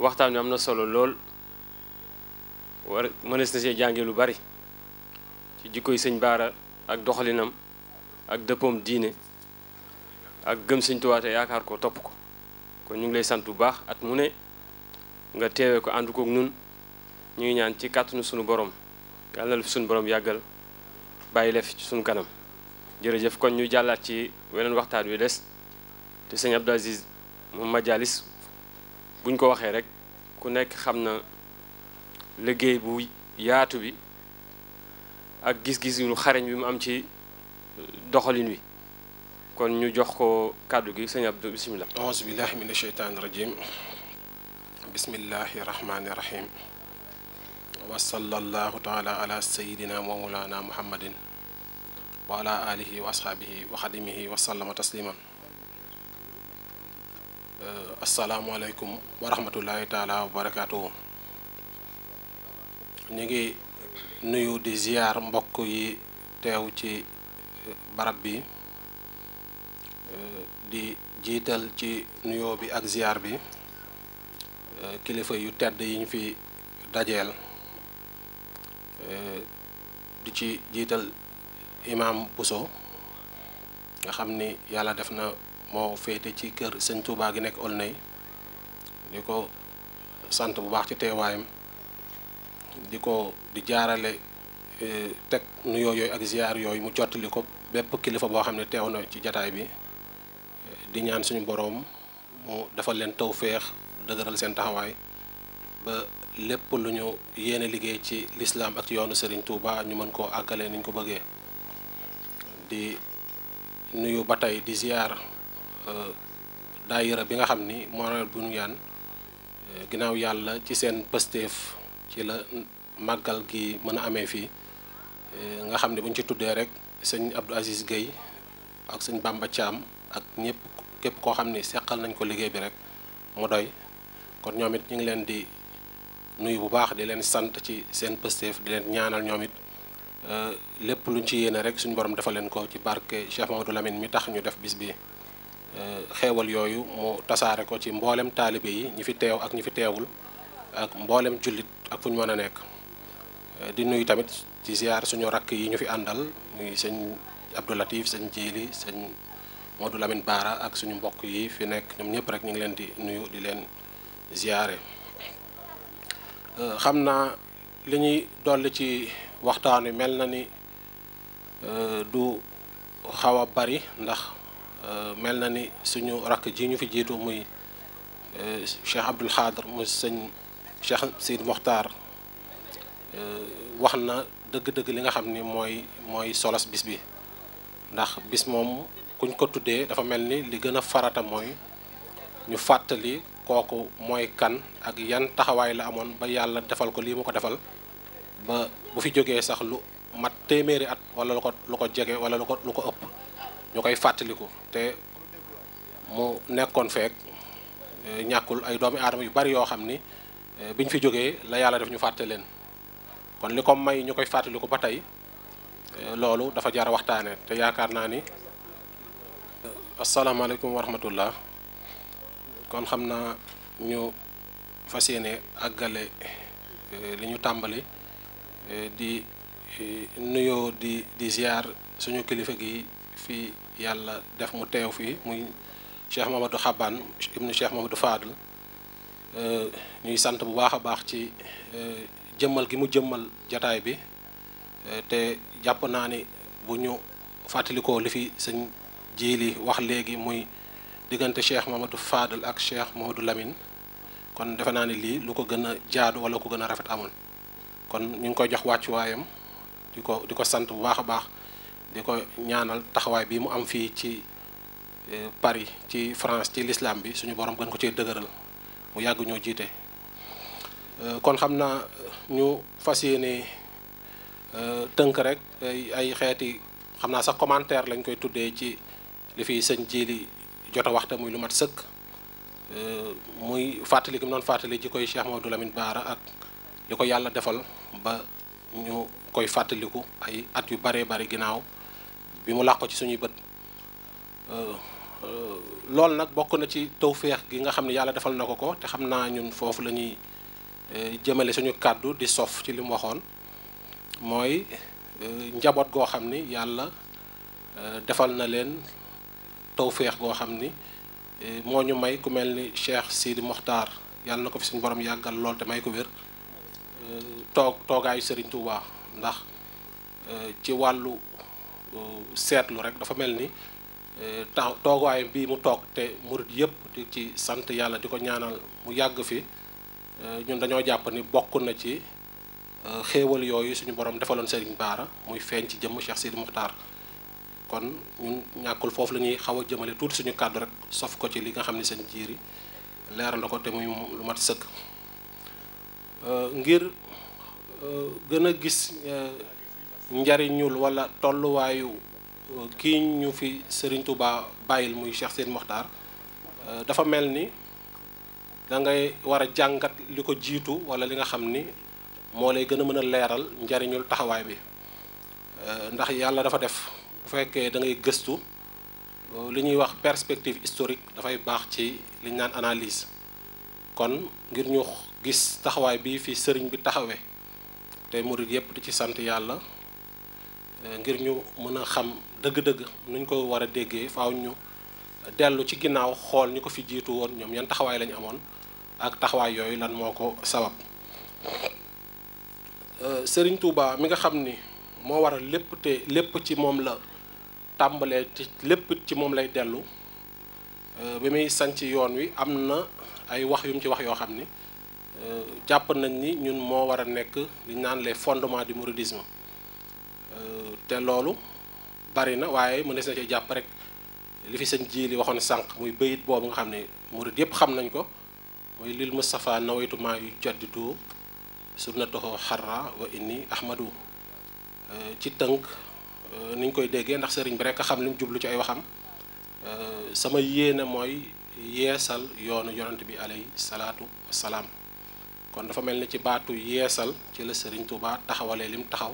waxtaan wi am na solo lool war mënees na see jànge lu bari ci jikkoy sëñ baara ak doxalinam ak dëppoom diine ak gëm sëñ Tuubaa te yaakaar ko topp ko kon ñu ngi lay sant bu baax at mu ne nga teewee ko ànd kook nun ñu ngi ñaan ci kàttanu sunu borom yàlla na la fi sunu borom yàggal bàyyi la fi ci sunu kanam jërëjëf kon ñu jàllaat ci weneen waxtaan wi des te sëñ Abdou Aziz majalis buñ ko waxee rek ku nekk xam na liggéey bu yaatu bi ak gis-gis yu xarañ bi mu am ci doxalin wi kon ñu jox ko kàddu gi sëñ Abdou bisimilah aouzu billahi min asheytaani rajim bismillahi rahmaani rahim wa sallallahu sayidina wa mawlana muhammadin wa ala wa ashaabihi wa xadimihi wa sallama tasliman Euh, asalaamualeykum wa rahmatullahi taala wa barakaatu. ñu ngi nuyu di ziar mbokk yi teew ci euh, barab bi euh, di jiital ci nuyoo bi ak ziar bi kilifa yu tedd yi ñu fi dajeel di ci jiital imaam Bousso nga xam ni yàlla def na. moo féete ci kër sëñ Touba gi nekk Aulnay di ko sant bu baax ci teewaayam di ko di jaarale eh, teg nuyoo yooyu ak ziar yooyu mu jottali ko bépp kilifa boo xam ne teew na ci jataay bi di ñaan suñu boroom mu defal leen féex dëgëral seen taxawaay ba lépp lu ñu yéene liggéey ci lislaam ak ci yoonu Serigne Touba ñu mën koo àggale niñ ko bëggee di nuyu ba tey di ziar. Euh, daayira bi nga xam ni moral bunyaan euh, ginnaaw yàlla ci seen pësteef ci la màggal gi mën a amee fii euh, nga xam ne buñ ñu ci tuddee rek sëñ Abdou Aziz Guèye ak sëñ Bamba Thiam ak ñëpp képp koo xam ni seqal nañ ko liggéey bi rek mu doy kon ñoom it ñu ngi leen di nuyu bu baax di leen sant ci seen pësteef di leen ñaanal ñoom it lépp luñ ci yéene rek suñu borom defal leen ko ci barke Cheikh Mamadou Lamine mi tax ñu def bis bi Euh, xewal yooyu mu tasaare ko ci mboolem taalibe yi ñi fi teew ak ñi fi teewul ak mbooleem jullit ak fu ñu mën a nekk euh, di nuyu tamit ci ziar suñu rakk yi ñu fi àndal muy sëñ Abdou Latif sëñ Jéeli sëñ Modou Lamine Baara ak suñu mbokk yi fi nekk ñoom ñëpp rek ñu ngi leen di nuyu di leen ziare. Euh, xam naa li ñuy dolli ci waxtaan wi mel na ni du xaw a bari ndax. Euh, mel na ni suñu rakk ji ñu fi jiitu muy euh, Cheikh Abdoul Khadr muy sëñ Cheikh Sidi Mokhtar euh, wax na dëgg-dëgg li nga xam ni mooy mooy solos bis bi ndax bis moom kuñ ko tuddee dafa mel ni li gën a farata mooy ñu fàttali kooku mooy kan ak yan taxawaay la amoon ba yàlla defal ko lii mu ko defal ba bu fi jógee sax lu mat téeméeri at wala lu ko lu ko jege wala lu lu ko ëpp ñu koy fàttaliku te mu nekkoon feek eh, ñàkkul ay doomi aadama yu bari yoo xam ni eh, biñ fi jógee la yàlla def ñu fàtte leen kon li ko may ñu koy fàttaliku ba tey eh, loolu dafa jar a waxtaane te yaakaar naa ni asalaamaaleykum wa rahmatullah kon xam naa ñu fas yéene àggale li ñu tàmbali di nuyoo di di ziar suñu kilifa gi fii yàlla def mu teew fii muy Cheikh Mamadou Xaban ibnu Cheikh Mamadou Fadl euh, ñuy sant bu baax a baax ci euh, jëmmal gi mu jëmmal jataay bi euh, te jàpp naa ni bu ñu fàttalikoo li fi sëñ li wax léegi muy diggante Cheikh Mamadou Fadl ak Cheikh Mamadou lamin kon defe naa ni lii lu ko gën a jaadu wala ko gën a rafet amul kon ñu ngi koy jox wàccuwaayam di ko sant bu baax a baax di ko ñaanal taxawaay bii mu am fii ci eh, Paris ci France ci lislaam bi suñu borom gën ko cee dëgëral mu yàgg ñoo jiite eh, kon xam naa ñu fas yéene eh, tënk rek ay xeeti xam naa sax commentaire lañ koy tuddee ci li fi sëñ jili jot a waxta muy lu mat sëkk muy fàttali gi mu doon fàttali ji koy Cheikh Mamadou Lamine Baara ak li ko yàlla defal ba ñu koy fàttaliku ay at yu baree bari ginnaaw bi mu làqu ci suñuy bët euh, euh, loolu nag bokk na ci tawféex gi nga xam ne yàlla defal na ko ko te xam naa ñun foofu la ñuy euh, jëmale suñu kàddu di sof ci li mu waxoon mooy njaboot goo xam ni yàlla defal na leen tawféex goo xam ni moo ñu may ku mel ni Cheikh Sidi Mokhtar yàlla na ko fi suñu borom yàggal lool te may ko wér toog toogaayu Serigne Touba ndax ci wàllu seetlu rek dafa mel ni eh, temps tooguwaay bii mu toog te murit yëpp ci sant yàlla di ko ñaanal mu yàgg fi eh, ñun dañoo jàpp ni bokk na ci eh, xéewal yooyu suñu borom defaloon Serigne Baara muy feeñ ci jëmm Cheikh Sidi Muxtaar kon ñun ñàkkul foofu lañuy ñuy xaw a jëmale tuuti suñu kàddu rek sof ko ci li nga xam ne seen jiiri leeral na ko te muy lu mat sëkk ngir gën a gis njariñul wala tolluwaayu euh, kii ñu fi Serigne Touba bàyyil muy Cheikh Sine Mokhtar euh, dafa mel ni da ngay war a jàngat li ko jiitu wala li nga xam ni moo lay gën a mën a leeral njariñul taxawaay bi euh, ndax yàlla dafa def bu fekkee da ngay gëstu li ñuy wax perspective historique dafay baax ci li naan analyse kon ngir ñu gis taxawaay bi fi sëriñ bi taxawee te murid yépp di ci sant yàlla Euh, ngir ñu mën a xam dëgg-dëgg nuñ ko war a déggee faaw ñu dellu ci ginnaaw xool ñu ko fi jiitu woon ñoom yan taxawaay lañ amoon ak taxawaay yooyu lan moo ko sabab euh, Serigne Touba mi nga xam ni moo war a lépp lépp ci moom la tàmbalee ci lépp ci moom lay dellu euh, bi sanc yoon wi am na ay wax yu mu ci wax yoo xam ni jàpp nañ ni ñun moo war a nekk li ñu naan les fondements du mouridisme te loolu bari na waaye mënees na cee jàpp rek li fi sëñ ji li waxoon sànq muy bayit boobu nga xam ne murid yëpp xam nañ ko mooy lil Mustafa nawaytumaa yu jadditu sunnatahu xarra wa inni ahmadu ci tënk niñ koy déggee ndax sëriñ bi rek xam li mu jublu ci ay waxam sama yéene mooy yeesal yoonu yonent bi alayhi salaatu salaam kon dafa mel ni ci baatu yeesal ci la sëriñ Tuubaa taxawalee lim taxaw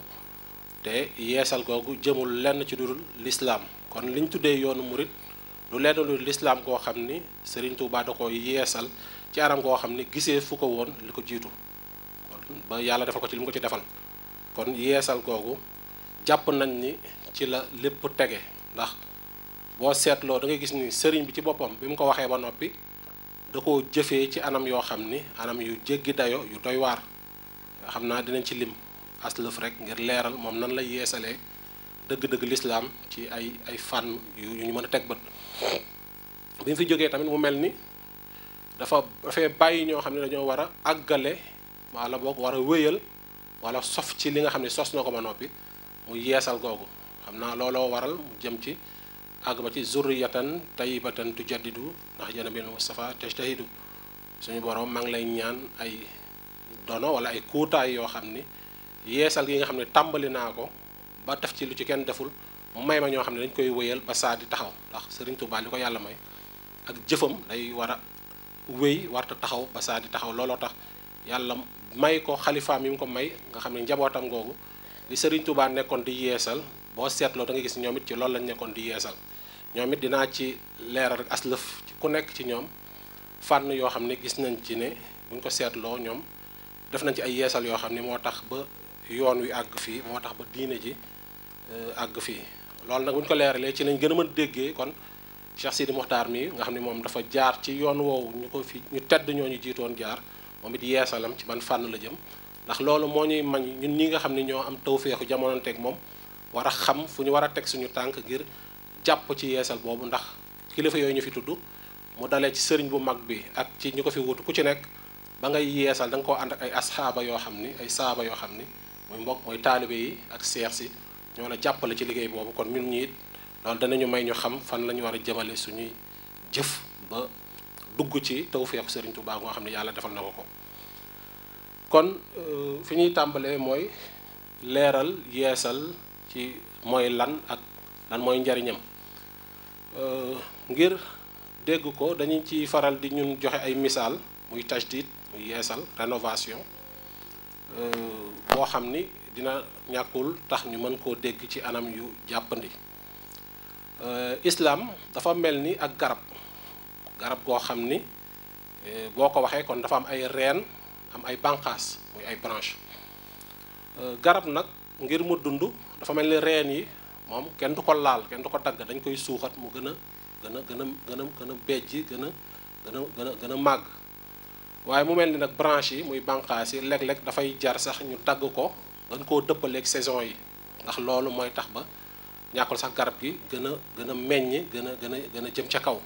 te yeesal googu jëmul lenn ci dudul lislaam kon liñ tuddee yoonu murit lu lenn lu lislaam koo xam ni sëriñ Touba da ko yeesal ci anam koo xam ni gisee fu ko woon li ko jiitu kon ba yàlla defal ko ci li ko ci defal kon yeesal googu jàpp nañ ni ci la lépp tege ndax boo seetloo da gis ni sëriñ bi ci boppam bi mu ko waxee ba noppi da ko jëfee ci anam yoo xam ni anam yu jéggi dayo yu doy waar xam naa dinañ ci lim aslëf rek ngir leeral moom nan lay yeesalee dëgg-dëgg lislaam ci ay ay fànn yu ñu mën a teg bët bi mu fi jógee tamit mu mel ni dafa dafay bàyyi ñoo xam ne dañoo war a àggale wala boog war a wéyal wala sof ci li nga xam ne sos na ko ba noppi mu yeesal googu xam naa looloo waral mu jëm ci àgg ba ci zurriyatan tayyibatan tujaddidu ndax janabil Mustafa tajtahidu suñu borom maa lay ñaan ay dono wala ay kuutaay yoo xam ni yeesal gi nga xam ne tàmbali naa ko ba def ci lu ci kenn deful mu may ma ñoo xam ne dañ koy wéyal ba saa di taxaw ndax Serigne Touba li ko yàlla may ak jëfam day wara a wéy warta taxaw ba saa di taxaw looloo tax yàlla may ko xalifaam yi mu ko may nga xam ne njabootam googu li Serigne Touba nekkoon di yeesal boo seetloo da nga gis ñoom it ci loolu lañ nekkoon di yeesal ñoom it dinaa ci leeral rek aslëf ci ku nekk ci ñoom fànn yoo xam ne gis nañ ci ne buñ ko seetloo ñoom def nañ ci ay yeesal yoo xam ne moo tax ba yoon wi àgg fii moo tax ba diine ji euh, àgg fii loolu nag bu ñu ko leeralee ci lañ gën a mën déggee kon Cheikh Sidi Mokhtar mi nga xam ne moom dafa jaar ci yoon woowu ñu ko fi ñu tedd ñoo ñu jiitoon jaar moom it yeesalam ci ban fànn la jëm ndax loolu moo ñuy mañ ñun ñi nga xam ne ñoo am tawféexu jamononteeg moom war a xam fu ñu war a teg suñu tànk ngir jàpp ci yeesal boobu ndax kilifa yooyu ñu fi tudd mu dalee ci sëriñ bu mag bi ak ci ñu ko fi wutu ku ci nekk ba ngay yeesal da nga ànd ay asxaaba yoo xam ni ay saaba yoo xam ni muy mbokk muy taalibe yi ak seex si ñoo la jàppale ci liggéey boobu kon ñun ñiit loolu danañu may ñu xam fan la ñu war a jëmale suñuy jëf ba dugg ci tawfeexu Sëriñ Tuubaa nga xam ne yàlla defal na ko kon euh, fi ñuy tàmbalee mooy leeral yeesal ci mooy lan ak lan mooy njariñam euh, ngir dégg ko dañu ci faral di ñun joxe ay misaal muy tajdid muy yeesal rénovation Euh, boo xam ni dina ñàkkul tax ñu mën koo dégg ci anam yu jàppandi euh, islaam dafa mel ni ak garab garab goo xam ni euh, boo ko waxee kon dafa am ay reen am ay bànqaas muy ay branche garab nag ngir mu dund dafa mel ni reen yi moom kenn du ko laal kenn du ko dagg dañ koy suuxat mu gën a gën a gën a gën a gën a bejji gën a gën a gën a màgg waaye mu mel ni nag branche yi muy bànqaas yi léeg-léeg dafay jar sax ñu tagg ko gën koo dëppaleek saison yi ndax loolu mooy tax ba ñàkkul sax garab gi gën a gën a meññ gën a gën a jëm ca kaw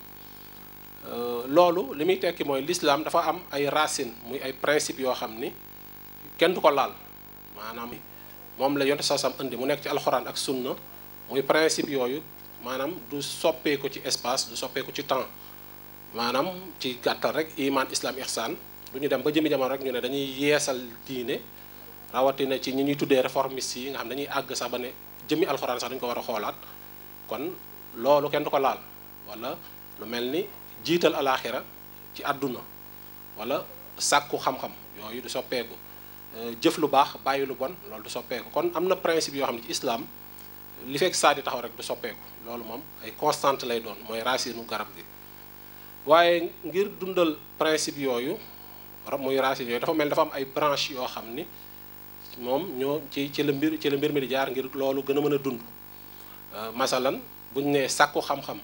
euh, loolu li muy tekki mooy lislaam dafa am ay racines muy ay principes yoo xam ni kenn du ko laal maanaam moom la yonte saasam indi mu nekk ci alxuraan ak sunna muy principe yooyu maanaam du soppeeku ci espace du soppeeku ci temps maanaam ci gàttal rek iman islam ihsan du ñu dem ba jëmi jamono rek ñu ne dañuy yeesal diine rawatina ci ñi ñuy tuddee réformistes yi nga xam dañuy àgg sax ba ne jëmi alxuraan sax dañu ko war a xoolaat kon loolu kenn du ko laal wala lu mel ni jiital alaaxira ci àdduna wala sàkku xam-xam yooyu du soppeeku euh, jëf lu baax bàyyi lu bon loolu du soppeeku kon am na principe yoo xam ne ci islaam li fekk saa di taxaw rek du soppeeku loolu moom ay constante lay doon mooy racine garab gi waaye ngir dundal principe yooyu muy racine yooyu dafa mel ni dafa am ay branche yoo xam ni moom ñoo ci ci la mbir ci mbir mi di jaar ngir loolu gën a mën a dund euh, masalan bu ñu nee sàkku xam-xam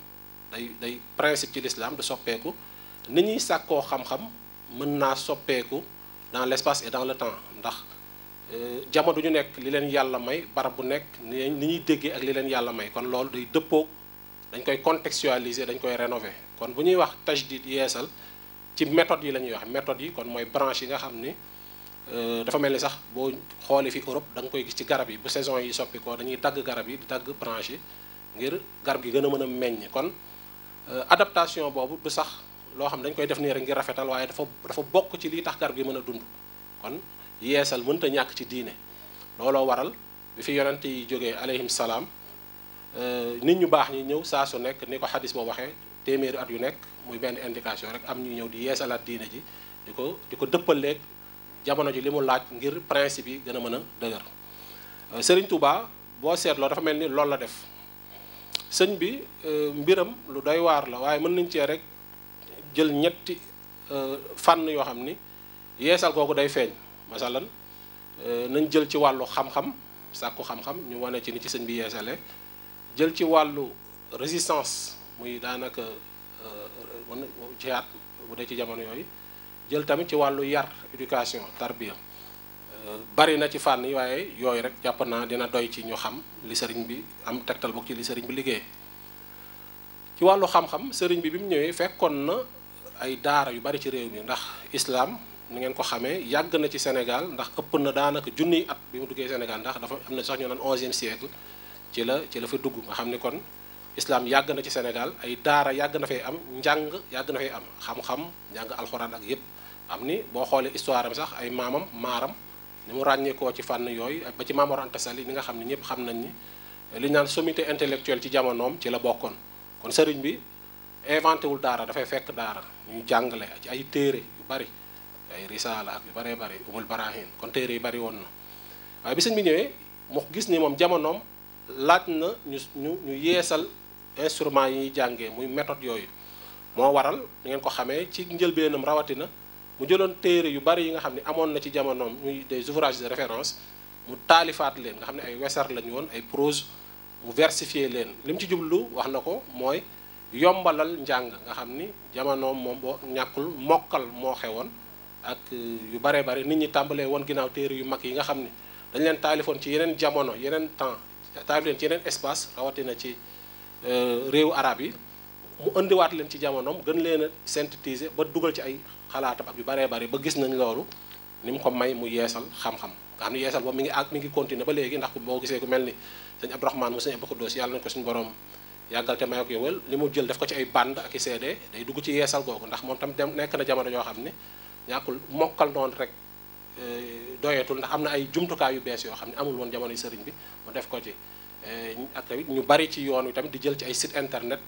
day day principe ci l'islam du soppeeku ni ñuy sàkkoo xam-xam mën naa soppeeku dans l'espace et dans le temps ndax euh, jamono ñu nekk li leen yàlla may barab bu nekk ni ñuy déggee ak li leen yàlla may kon loolu day dëppoo dañ koy contextualiser dañ koy rénover kon bu ñuy wax diit yeesal ci méthode yi la ñuy wax méthode yi kon mooy branche yi nga xam ni euh, dafa mel ni sax boo xoolee fi Europe da nga koy gis ci garab yi bu saison yi soppi ko dañuy dagg garab yi di dagg branche ngir garab gi gën a mën a meññ kon euh, adaptation boobu du sax loo xam dañ koy def nii rek ngir rafetal waaye dafa dafa bokk ci lii tax garab gi mën a dund kon yeesal mënta ñàkk ci diine looloo waral bi fi yonent yi jógee alayhim salaam euh, nit ñu baax ñi ñëw saa su nekk ni ko xadis waxee téeméeri at yu nekk muy benn indication rek am ñu ñëw di yeesalaat diine ji di ko di ko dëppaleeg jamono ji li mu laaj ngir principe yi gën a mën a dëgër euh, Serigne Touba boo seetloo dafa mel ni loolu la def sëñ bi euh, mbiram lu day waar la waaye mën nañ cee rek jël ñetti euh, fànn yoo xam ni yeesal kooku day feeñ masalan nañ jël ci wàllu xam-xam sàkku xam-xam ñu wane ci ni ci sëñ bi yeesale jël ci wàllu résistance muy daanaka mën euh, na euh, euh, ci bu dee ci jamono yooyu jël tamit ci wàllu yar éducation tarbiya bari na ci fànn yi waaye yooyu rek jàpp naa dina doy ci ñu xam li sëriñ bi am tegtal boog ci li sëriñ bi liggéey ci wàllu xam-xam sëriñ bi bi mu ñëwee fekkoon na ay daara yu bari ci réew mi ndax islaam ni ngeen ko xamee yàgg na ci Sénégal ndax ëpp na daanaka junniy at bi mu duggee Sénégal ndax dafa am na sax ñu naan onzième siècle ci la ci la fa dugg nga xam ni kon islam yàgg na ci Sénégal ay daara yàgg na fee am njàng yàgg na fee am xam-xam njàng alxuraan ak yëpp am ni boo xoolee histoire am sax ay maamam maaram ni mu ràññeekoo ci fànn yooyu ba ci Maam Mor Anta ni nga xam ne ñëpp xam nañ li ñu naan sommité intellectuelle ci jamonoom ci la bokkoon kon sëriñ bi inventé wul daara dafay fekk daara ñuy jàngale ci ay téere yu bari ay risaala ak yu baree bari umul barahin kon téere yu bari woon na waaye bi bi ñëwee gis ni moom jamonoom laaj na ñu ñu instruments yi ñuy jàngee muy méthode yooyu moo waral di ngeen ko xamee ci njëlbeenam rawatina mu jëloon téere yu bari yi nga xam ne amoon na ci jamonoom muy des ouvrages de référence mu taalifaat leen nga xam ne ay wesar lañu woon ay prose mu versifier leen lim ci jublu wax na ko mooy yombalal njàng nga xam ni jamonoom moom boo ñàkkul mokkal moo xewoon ak euh, yu baree bari nit ñi tàmbalee woon ginnaaw téere yu mag yi nga xam ni dañ leen taalifoon ci yeneen jamono yeneen temps taalif leen espace rawatina ci Euh, réew araab yi mu indiwaat leen ci jamonoom gën leen a synthétiser ba dugal ci ay xalaatam ak yu baree bari ba gis nañ loolu ni mu ko may mu yeesal xam-xam nga xam ne yeesal boobu mi ngi ak mi ngi continuer ba léegi ndax boo gisee ku mel ni sëñ Abdourahmane mu sëñ Abdou Khoudoss yàlla nañ ko suñu borom yàggal te may ak yowal li mu jël def ko ci ay band ak i CD day dugg ci yeesal googu ndax moom tam dem nekk na jamono yoo xam ne ñàkkul mokkal noonu rek euh, doyatul ndax am na ay jumtukaay yu bees yoo xam ne amul woon jamono sëriñ bi mu def ko ci Eh, ak tamit ñu bari ci yoon wi tamit di jël ci ay site internet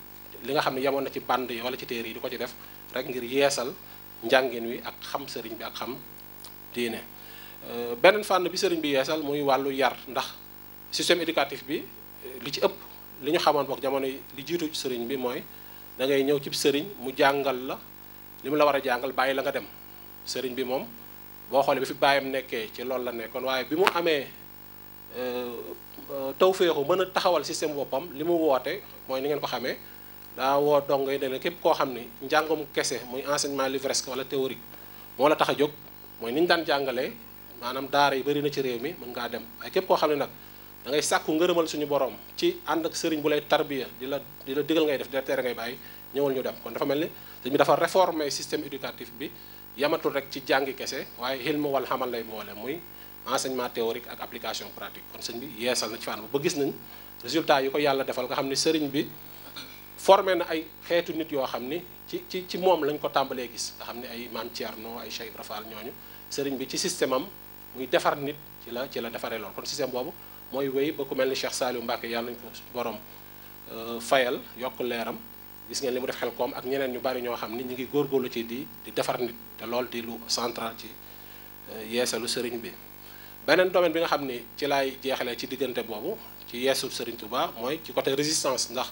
li nga xam ne yemoon na ci band yi wala ci téer yi di ko ci def rek ngir yeesal njàngin wi ak xam sëriñ bi ak xam diine eh, beneen fànn bi sëriñ bi yeesal muy wàllu yar ndax système éducatif bi eh, li ci ëpp li ñu xamoon boog jamono li jiitu sëriñ bi mooy dangay ñëw ci sëriñ mu jàngal la li mu la war a jàngal bàyyi la nga dem sëriñ bi moom boo xoolee bi fi bàyyam nekkee ci loolu la nekkoon waaye bi mu amee Euh, tawféexu mën a taxawal système boppam li mu woote mooy ni ngeen ko xamee daa woo dongo yi ne képp koo xam ni njàngum kese muy enseignement resque wala théorique moo la tax a jóg mooy ni ñu daan jàngalee maanaam daara yi bëri na ci réew mi mën ngaa dem waaye képp koo xam ne nag da ngay sàkku ngërëmal suñu borom ci ànd ak sëriñ bu lay tarbiya di la di la digal ngay def di la tere ngay bàyyi ñëwal ñu dem kon dafa mel ni sëñ bi dafa réformer système éducatif bi yamatul rek ci jàngi kese waaye xilmu wal xamal lay boole muy enseignement théorique ak application pratique kon sëñ bi yeesal na ci fànn ba gis nañ résultat yi ko yàlla defal nga xam ne sëriñ bi forme na ay xeetu nit yoo xam ni ci ci ci moom lañ ko tàmbalee gis nga xam ne ay maam Thierno ay Cheikh Ibra Fall ñooñu sëriñ bi ci système am muy defar nit ci la ci la defaree lool kon système boobu mooy wéy ba ku ni Cheikh Saliou Mbacké yàlla nañ ko borom euh, fayal yokk leeram gis ngeen li mu def xel koom ak ñeneen ñu bari ñoo xam ni ñu ngi góorgóorlu ci di di defar nit te lool di lu central ci euh, yeesalu sëriñ bi beneen domaine bi nga xam ni ci laay jeexalee ci diggante boobu ci yeesu Serigne Touba mooy ci côté résistance ndax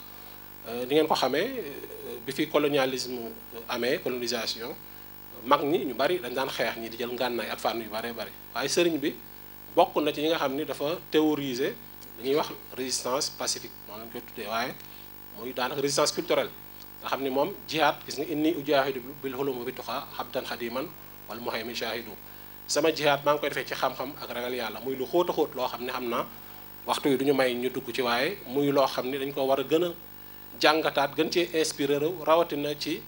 euh, ni ngeen ko xamee euh, bi fi colonialisme euh, amee colonisation mag ñi ñu bari dañ daan xeex ñi di jël ngànnaay ak fànn yu bari bari waaye sëriñ bi bokk na ci ñi nga xam ni dafa théoriser li ñuy wax résistance pacifique moom lañ koy tuddee waaye muy daanaka résistance culturelle nga xam ni moom jihaad gis nga inni ujaahidu bil hulum bi tuxaa habdan xadiman wal muhaymin shahidu sama jihaat maa ngi koy defee ci xam-xam ak ragal yàlla muy lu xóot a xóot loo xam ne xam naa waxtu yi duñu may ñu dugg ci waaye muy loo xam ne dañ ko war a gën a jàngataat gën cee inspiré rawatina ci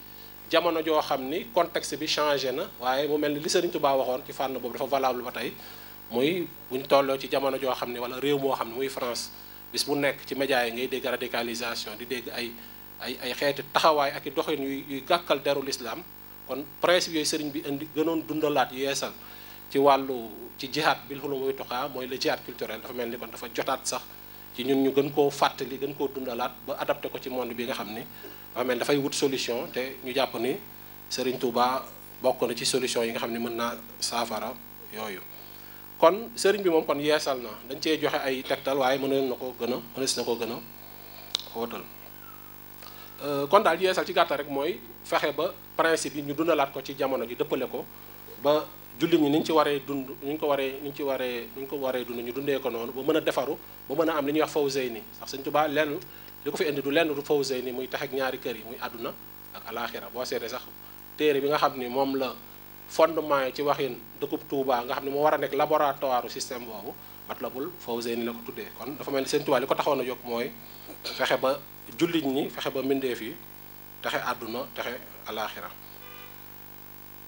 jamono joo xam ni contexte bi changé na waaye mu mel ni li Sëriñ baa waxoon ci fànn boobu dafa valable ba tey muy bu ñu tolloo ci jamono joo xam ne wala réew moo xam ne muy France bis bu nekk ci média yi ngay dégg radicalisation di dégg ay ay ay xeeti taxawaay ak i doxin yuy yuy gàkkal deru lislaam kon principe yooyu bi indi gënoon dundalaat yeesal ci wàllu ci jihaad bi xulu muy toqaa mooy le jihaad culturel dafa mel ni man dafa jotaat sax ci ñun ñu gën koo fàttali gën koo dundalaat ba adapté ko ci monde bi nga xam ni dafa mel dafay wut solution te ñu jàpp ni Serigne Touba bokk na ci solution yi nga xam ne mën naa saafara yooyu kon sëriñ bi moom kon yeesal na dañ cee joxe ay tegtal waaye mënoon na ko gën a mënees na ko gën a euh, kon daal yeesal ci gàttal rek mooy fexe ba principe yi ñu dundalaat ko ci jamono ji dëppale ko ba jullit ñi ni ñu ci waree dund ni ñu ko waree ni ñu ci ko waree dund ñu dundee ko noonu ba mën a defaru ba mën a am li ñuy wax fawzayni sax Sëñ Tuubaa lenn li ko fi indi du lenn du fawzayni muy tax ak ñaari kër yi muy àdduna ak alaaxira boo seetee sax téere bi nga xam ni moom la fondement yi ci waxin dëkkub tuubaa nga xam ne moo war a nekk laboratoire système boobu Matlabul Fawzayni la ko tuddee kon dafa mel ni Sëñ Tuubaa li ko taxoon a jóg mooy fexe ba jullit ñi fexe ba mbindeef yi texe àdduna texe alaaxira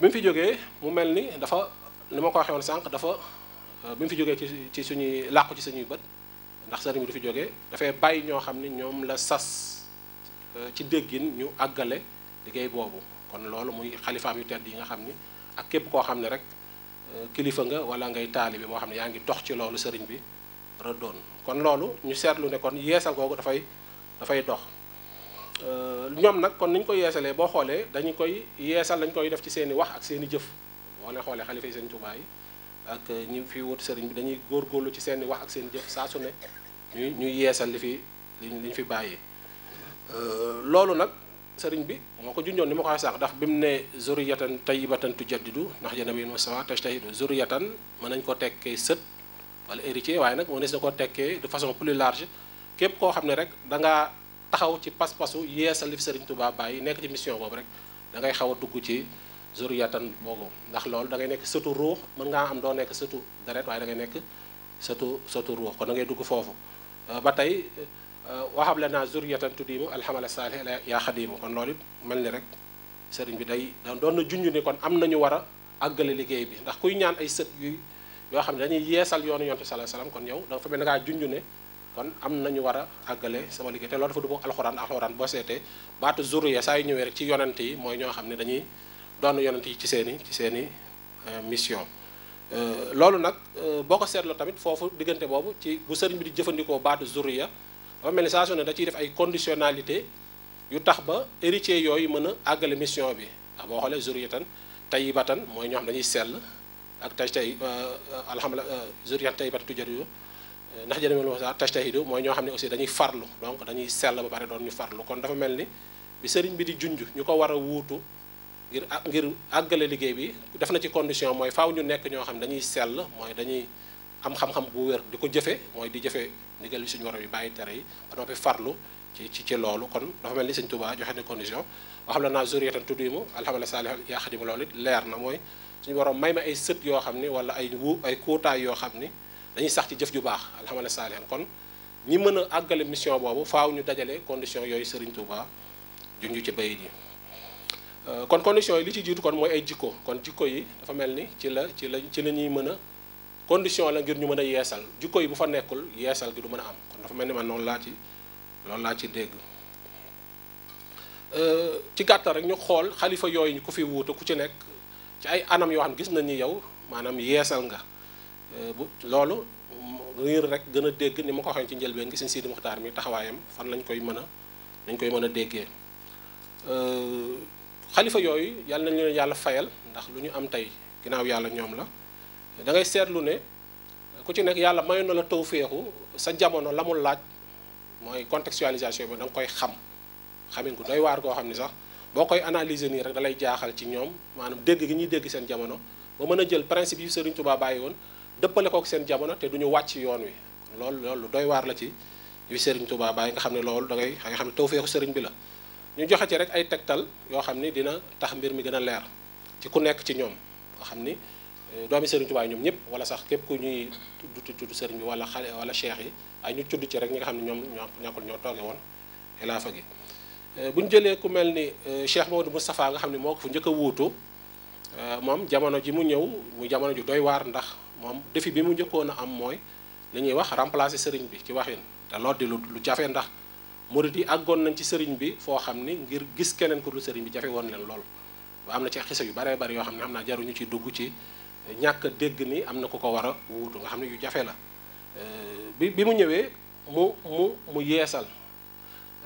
bi mu fi jógee mu mel ni dafa li ma ko waxee woon sànq dafa euh, bi mu fi jógee ci ci suñuy làqu ci suñuy bët ndax sëriñ bi du fi jógee dafay bàyyi ñoo xam ni ñoom la sas euh, ci déggin ñu àggale liggéey boobu kon loolu muy xalifaam yu tedd yi nga xam ni ak képp koo xam ne rek euh, kilifa nga wala ngay bi moo xam ne yaa ngi dox ci loolu sëriñ bi rëddoon kon loolu ñu seetlu ne kon yeesal googu dafay dafay dox Euh, ñoom nag kon ni ñu koy yeesalee boo xoolee dañu koy yeesal lañ koy def ci seen i wax ak seeni i jëf boo leen xoolee xalifa yi sëñ Tuubaa yi ak ñi fi wut sëriñ bi dañuy góor góorlu ci seen i wax ak seen jëf saa su ne ñuy ñuy yeesal li fi li ñu fi bàyyee euh, loolu nag sëriñ bi moo ko junjoon ni ma ko waxee sànq ndax bi mu ne zuriyatan tayyibatan tujaddidu ndax janabiin wasama tajtahidu zuriyatan mën nañ ko tekkee sët wala héritier waaye nag moo ne na ko tekkee de façon plus large koo xam ne rek dangaa taxaw ci pas-pasu yeesal li fi Sëriñ Tuubaa bàyyi nekk ci mission boobu rek da ngay xaw a dugg ci zuriyatan boobu ndax loolu da nekk sëtu ruux mën ngaa am doo nekk sëtu deret waaye da ngay nekk sëtu sëtu ruux kon da ngay dugg foofu euh, ba tey euh, waxam la naa zuriyatan tuddimu alhamala saalih la yaa xadimu kon loolu it mel ni rek sëriñ bi day doon na junj ni kon am na ñu war a àggale liggéey bi ndax kuy ñaan ay sët yoo xam ne dañuy yeesal yoonu yontu sallallahu alayhi kon yow da nga fa mel ne ngaa junj ne kon am na ñu war a àggale sama liggéey te loolu dafa dugg alxuraan alxuraan boo seetee baatu zuriya saa yu ñëwee rek ci yonent yi mooy ñoo xam ne dañuy doon yonent yi ci seen i ci seen i euh, mission euh, loolu nag euh, boo ko seetloo tamit foofu diggante boobu ci bu sëriñ di jëfandikoo baatu zuriya dafa mel ni saa su ne da def ay conditionnalité yu tax ba héritier yooyu mën a àggale mission bi ndax ah, boo xoolee zuriyatan tayyibatan mooy ñoo xam dañuy sell ak tay tay alhamdulilah zuriyatan tayyibatan ndax jërëjëf Mawal sax mooy ñoo xam ne aussi dañuy farlu donc dañuy sell ba pare doon ñu farlu kon dafa mel ni bi sëriñ bi di junj ñu ko war a wuutu ngir ngir àggale liggéey bi def na ci condition mooy faw ñu nekk ñoo xam ne dañuy sell mooy dañuy am xam-xam bu wér di ko jëfe mooy di jëfe ndigal yi suñu waroom yi bàyyi tere yi ba noppi farlu ci ci ci loolu kon dafa mel ni sëñ Touba joxe ne condition boo xam ne naa zuriyatan tuddimu alhamdulilah saalih yaa xadimu loolu it leer na mooy suñu waroom may ma ay sët yoo xam ni wala ay wu ay kuutaay yoo xam ni dañuy sax ci jëf ju baax alhamala saalihan kon ñi mën a àggale mission boobu faaw ñu dajale condition yooyu Serigne juñ junj ci bayit yi euh, kon condition yi li ci jiitu kon mooy ay jikko kon jikko yi dafa mel ni ci la ci la ci la ñuy mën a condition la ngir ñu mën a yeesal jikko yi bu fa nekkul yeesal gi du mën a am kon dafa mel ni man noonu laa ci loolu laa ci dégg euh, ci gàttal rek ñu xool xalifa yooyu ku fi wuute ku ci nekk ci ay anam yoo xam gis nañ ni yow maanaam yeesal nga Euh, bu loolu riir rek gën a dégg ni ma ko waxee ci njëlbeen gi sëñ Sidi Muxtaar mi taxawaayam fan lañ koy mën a lañ koy mën a déggee euh, xalifa yooyu yàlla nañ leen yàlla fayal ndax lu ñu am tey ginnaaw yàlla ñoom la da ngay seetlu ne ku ci nekk yàlla mayoon na la tawféexu sa jamono la mu laaj mooy contextualisation bi da nga koy xam xamin ko doy waar koo xam ni sax boo koy analyser nii rek dalay jaaxal ci ñoom maanaam dégg gi ñuy dégg seen jamono ba mën a jël principe yi Sëriñ Tuubaa bàyyi woon dëppale kook seen jamono te du ñu wàcc yoon wi loolu loolu doy waar la ci yu Serigne Touba Baye nga xam ne loolu da ngay nga xam ne tawféexu Serigne bi la ñu joxe ci rek ay tegtal yoo xam ni dina tax mbir mi gën a leer ci ku nekk ci ñoom nga xam ni eh, doomi Serigne Touba ñoom ñëpp wala sax ku ñuy tudd tudd Serigne bi wala xale wala cheikh yi ay ñu tudd ci rek ñi nga xam ne ñoom ñoo ñàkkul ñoo tooge woon xilaafa gi eh, bu ñu jëlee ku mel ni eh, Cheikh Maodo Moustapha nga xam ne moo ko fu njëkk a wuutu moom jamono ji mu ñëw mu jamono ju doy waar ndax moom défi bi mu njëkkoon a am mooy lañuy wax remplacer sëriñ bi ci waxin te loolu di lu lu jafe ndax moo yi àggoon nañ ci sëriñ bi foo xam ni ngir gis keneen ku dul sëriñ bi jafe woon leen lool. ba am na ci xisa yu baree bari yoo xam ne xam naa jaruñu ci dugg ci ñàkk dégg ni am na ko ko war a wuutu nga xam ne yu jafe la euh, bi bi mu ñëwee mu mu mu yeesal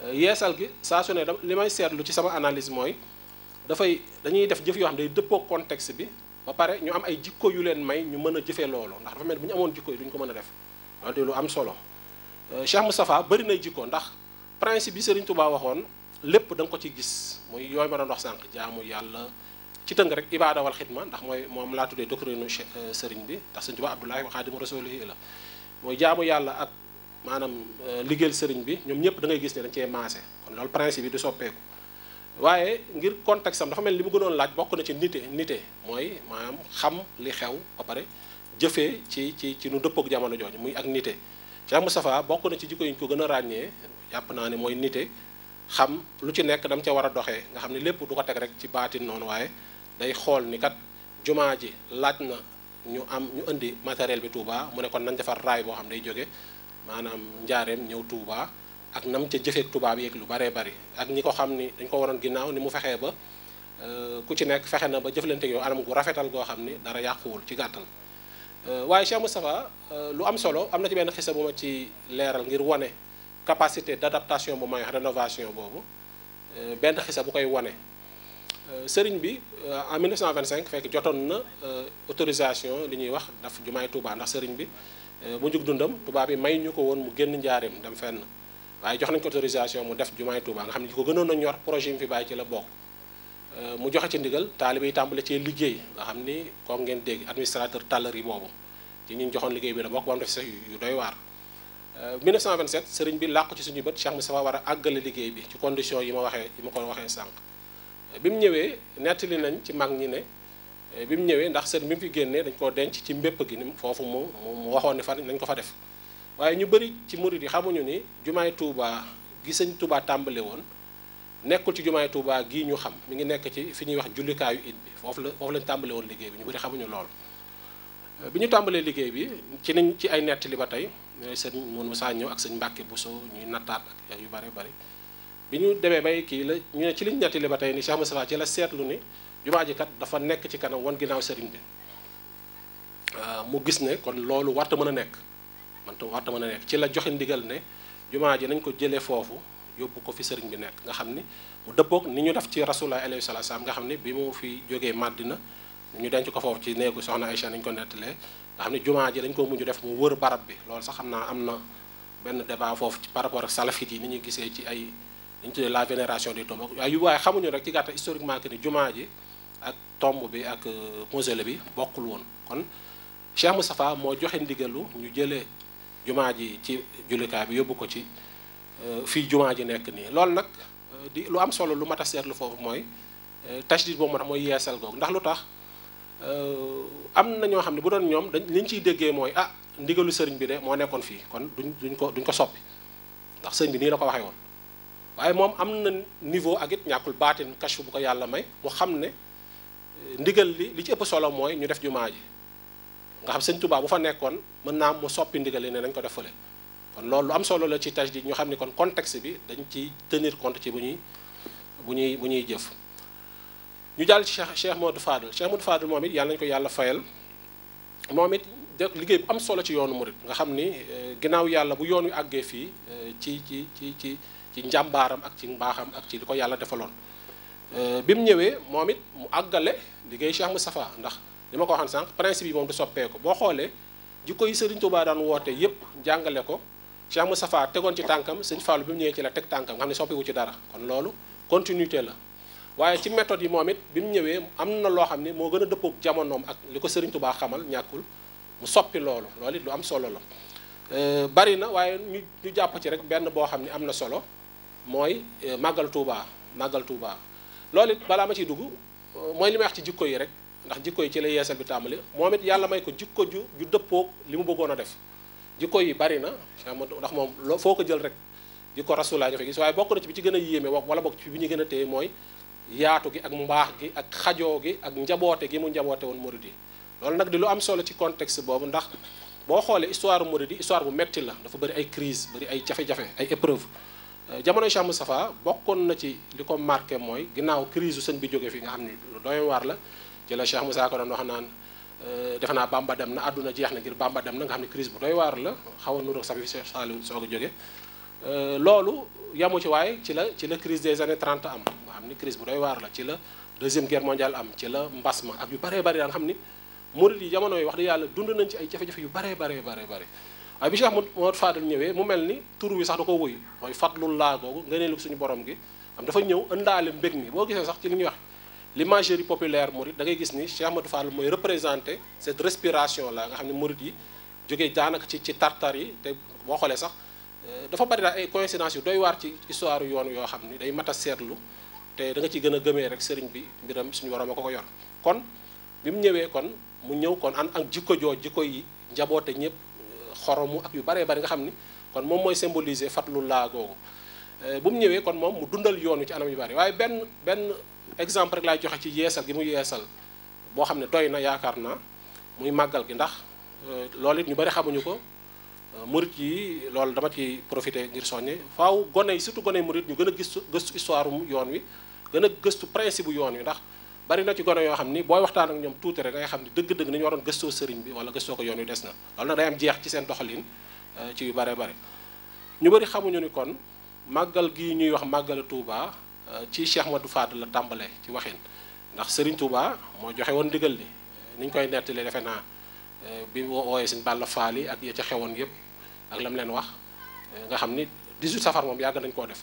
euh, yeesal gi saa su ne li may seetlu ci sama analyse mooy dafay dañuy def jëf yoo xam ne day dëppoo contexte bi. ba pare ñu am ay jikko yu leen may ñu mën a jëfee loolu ndax dafa mel bu ñu amoon jikko yi duñ ko mën a def wante lu am solo euh, Cheikh Moustapha bari nay jikko ndax principe bi Serigne Touba waxoon lépp da nga ko ci gis muy yooyu ma doon wax sànq jaamu yàlla ci tënk rek ibaada wal xidma ndax mooy moom laa tuddee doctrine euh, Serigne bi ndax Serigne Touba Abdoulaye wa Xaadimu Rasuulihi la mooy jaamu yàlla ak maanaam euh, liggéeyal Serigne bi ñoom ñëpp da ngay gis ne dañ cee maase kon loolu principe bi du soppeeku waaye ngir contextam dafa mel li mu gënoon laaj bokk na ci nite nite mooy maanaam xam li xew ba pare jëfee ci ci ci nu dëppook jamono jooju muy ak nite Cheikh Moustapha bokk na ci jikko yi ñu ko gën a ràññee yàpp naa ne mooy nite xam lu ci nekk dam ca war a doxee nga xam ne lépp du ko teg rek ci baatin noonu waaye day xool ni kat jumaa ji laaj na ñu am ñu indi materiel bi Touba mu ne kon nañ defar raay boo xam day jóge maanaam njaareem ñëw tuubaa ak nam ca jëfee tubaab yeeg lu baree bari ak ñi ko xam ni dañ ko waroon ginnaaw ni mu fexee ba euh, ku ci nekk fexe na ba jëflante yow anam gu rafetal goo xam ni dara yàquwul ci gàttal euh, waaye Cheikh Moustapha euh, lu am solo am na ci benn xisa bu ma ci leeral ngir wane capacité d'adaptation bu may rénovation boobu benn xisa bu koy wane sëriñ bi en 1925 fekk jotoon na autorisation li ñuy wax daf jumaay Touba ndax sëriñ bi bu jug dundam tubaab yi may ñu ko woon mu génn njaareem dem fenn waaye jox nañ ko autorisation mu def jumaay Touba nga xam ne ko gënoon a ñor projet yi mu fi bàyyi ci la bokk euh, mu joxe ci ndigal taalibe yi tàmbale ci liggéey nga xam ni comme ngeen dégg administrateur tàllar yi boobu ci ñu joxoon liggéey bi la bokk ba mu def sax doy waar 1927 euh, sëriñ bi làqu ci suñu bët Cheikh Moustapha war a àggale liggéey bi ci condition yi ma waxee yi ma ko waxee sànq euh, bi mu ñëwee nettali nañ ci mag ñi ne bi mu ñëwee ndax sëriñ bi mu fi génnee dañ koo denc ci mbépp gi ni foofu mu mu ne fan nañ ko fa def waaye ñu bari ci murid yi xamuñu ni jumaay tuubaa gi sañ Touba tàmbale woon nekkul ci jumaay tuubaa gii ñu xam mi ngi nekk ci fi ñuy wax jullikaayu it bi foofu la foofu lañ tàmbale woon liggéey bi ñu bëri xamuñu lool. Euh, bi ñu tàmbalee liggéey bi ci nañ ci ay nettali ba tey sëñ Mourou Moussa ñëw ak sëñ Mbacke Bousso ñuy nattaat yu bëri bëri bi ñu demee bay kii la ñu ne ci liñ nettali ba tey ni Cheikh Moustapha ci la seetlu ni jumaa ji kat dafa nekk ci kanam wan ginnaaw sëriñ bi euh, mu gis ne kon loolu warta mën a nekk man tam war mën a nekk ci la joxe ndigal ne jumaa ji nañ ko jëlee foofu yóbbu ko fi sëriñ bi nekk nga xam ni mu dëppoog ni ñu def ci rasulullah alayhi salaam nga xam ni bi mu fi jógee Madina ñu denc ko foofu ci néegu soxna Aïcha nañ ko nettalee nga xam ni jumaa ji dañ ko mujj def mu wër barab bi loolu sax xam naa am na benn débat foofu ci par rapport ak salafit yi ni ñu gisee ci ay li ñu tuddee la vénération des tombes waaye yu waaye xamuñu rek ci gàttal historiquement que ni jumaa ji ak tomb bi ak euh, mausolée bi bokkul woon kon Cheikh Moustapha moo joxe ndigalu ñu jëlee jumaa ji ci jullikaay bi yóbbu ko ci euh, fii jumaa ji nekk nii loolu nag euh, di lu am solo lu mat a seetlu foofu mooy euh, tashdid boobu moo tax mooy yeesal googu ndax lu tax am na ñoo xam ne bu doon ñoom dañ liñ ciy déggee mooy ah ndigalu sëriñ bi de moo nekkoon fii kon duñ duñ ko duñ ko soppi ndax sëriñ bi nii la ko waxee woon waaye moom am na niveau ak it ñàkkul baatin kashfu bu ko yàlla may mu xam ne ndigal li li ci ëpp solo mooy ñu def jumaa ji nga xam sëñ Tuubaa bu fa nekkoon mën naa mu soppi ndigal yi ne nañ ko def fële kon loolu am solo la ci tajdid ñu xam ne kon contexte bi dañ ci tenir compte ci bu ñuy bu ñuy bu ñuy jëf ñu jàll ci Cheikh Cheikh Modou Fadel Cheikh Modou moom it yàlla nañu ko yàlla fayal moom it liggéey bu am solo ci yoonu mu murit nga xam ni eh, ginnaaw yàlla bu yoon wi àggee fii eh, ci ci ci ci ci njàmbaaram ak ci mbaaxam ak ci li ko yàlla defaloon eh, bi mu ñëwee moom it mu àggale liggéey Cheikh Moustapha ndax li ma ko waxoon sànq principe yi moom du soppeeku boo xoolee jikko yi Serigne Touba daan woote yépp jàngale ko Cheikh Moustapha tegoon ci tànkam suñ Fallou bi mu ñëwee ci la teg tànkam nga xam ne ci dara kon loolu continuité la waaye ci méthode yi moom it bi mu ñëwee am na loo xam ne moo gën a dëppoog jamonoom ak li ko Serigne Touba xamal ñàkkul mu soppi loolu lool it lu am solo la euh, bari na waaye ñu jàpp ci rek benn boo xam ne am na solo mooy euh, màggal Touba màggal Touba loolu it balaa ma ciy dugg euh, mooy li may wax ci jikko yi rek ndax jikko yi ci la yeesal bi tàmbali moom it yàlla may ko jikko ju ju dëppoog li mu bëggoon a def jikko yi bari na ndax moom loo foo ko jël rek jikko rasulaa nga fi gis waaye bokk na ci bi ci gën a yéeme wala bokk ci bi ñu gën a téye mooy yaatu gi ak mbaax gi ak xajoo gi ak njaboote gi mu njaboote woon murid yi loolu nag di lu am solo ci contexte boobu ndax boo xoolee histoire murid yi histoire bu metti la dafa bëri ay crise bëri ay jafe-jafe ay épreuve euh, jamono Cheikh Moustapha bokkoon na ci li ko marqué mooy ginnaaw crise sëñ bi jóge fi nga xam ne waar la ci la Cheikh Moussa ko doon wax naan euh, defe naa Bamba dem na àdduna jeex na ngir Bamba dem na nga xam ne crise bu doy waar la xaw a nuur ak sa bi Cheikh Saliou soog a euh, loolu yamu ci waaye ci la ci la crise des années am nga xam ni crise bu doy waar la ci la deuxième guerre mondiale am ci la mbas ma ak yu baree bari yaa xam ni murid yi jamono yi wax dëgg yàlla dund nañ ci ay jafe-jafe yu baree baree bare bare waaye bi Cheikh Mouhamadou Fadel ñëwee mu mel ni tur wi sax da ko wuy mooy fadlul laa googu nga suñu borom gi am dafa ñëw ëndaale mbég mi boo gisee sax ci li ñuy wax l'imagerie populaire mouride da ngay gis ni Cheikh Ahmadou Fall mooy représenté cette respiration la nga xam ne mouride yi jógee daanaka ci ci tartar yi te boo xoolee sax euh, dafa bari daal ay coïncidence yu doy waar ci histoire yoon yoo xam ni day mat a seetlu te danga nga ci gën a gëmee rek sëriñ bi mbiram suñu waroom a ko ko yor kon bi mu ñëwee kon mu ñëw kon an ak jikko joo jikko yi njaboote ñëpp euh, xoromu ak yu baree bari nga xam ni kon moom mooy symboliser fatlu laa Euh, bu mu ñëwee kon moom mu dundal yoon wi ci anam yu bari waaye benn benn exemple rek laay joxe ci yeesal gi mu yeesal boo xam ne doy na yaakaar naa muy màggal gi ndax euh, lool it ñu bari xamuñu ko euh, murit yi loolu dama ci profité ngir soññe faaw gone yi surtout gone yi murit ñu gën a gëstu gëstu histoire yoon wi gën a gëstu principe bu yoon wi ndax bari na ci gone yoo xam ni booy waxtaan ak ñoom tuuti rek ngay xam ni dëgg-dëgg ni ñu waroon gëstoo sëriñ bi wala gëstoo ko yoon wi des na loolu nag day am jeex ci seen doxalin ci yu bare bare ñu bari xamuñu ni kon màggal gi ñuy wax màggala Touba euh, ci Cheikh Madou Fadl la tàmbale ci waxin ndax Serigne Touba moo joxe woon ndigal li euh, ni ñu koy nettali defe naa euh, bi mu wooyee seen bàll faal ak ya ca xewoon yëpp ak lam leen wax nga xam ni 18 safar moom yàgg nañ koo def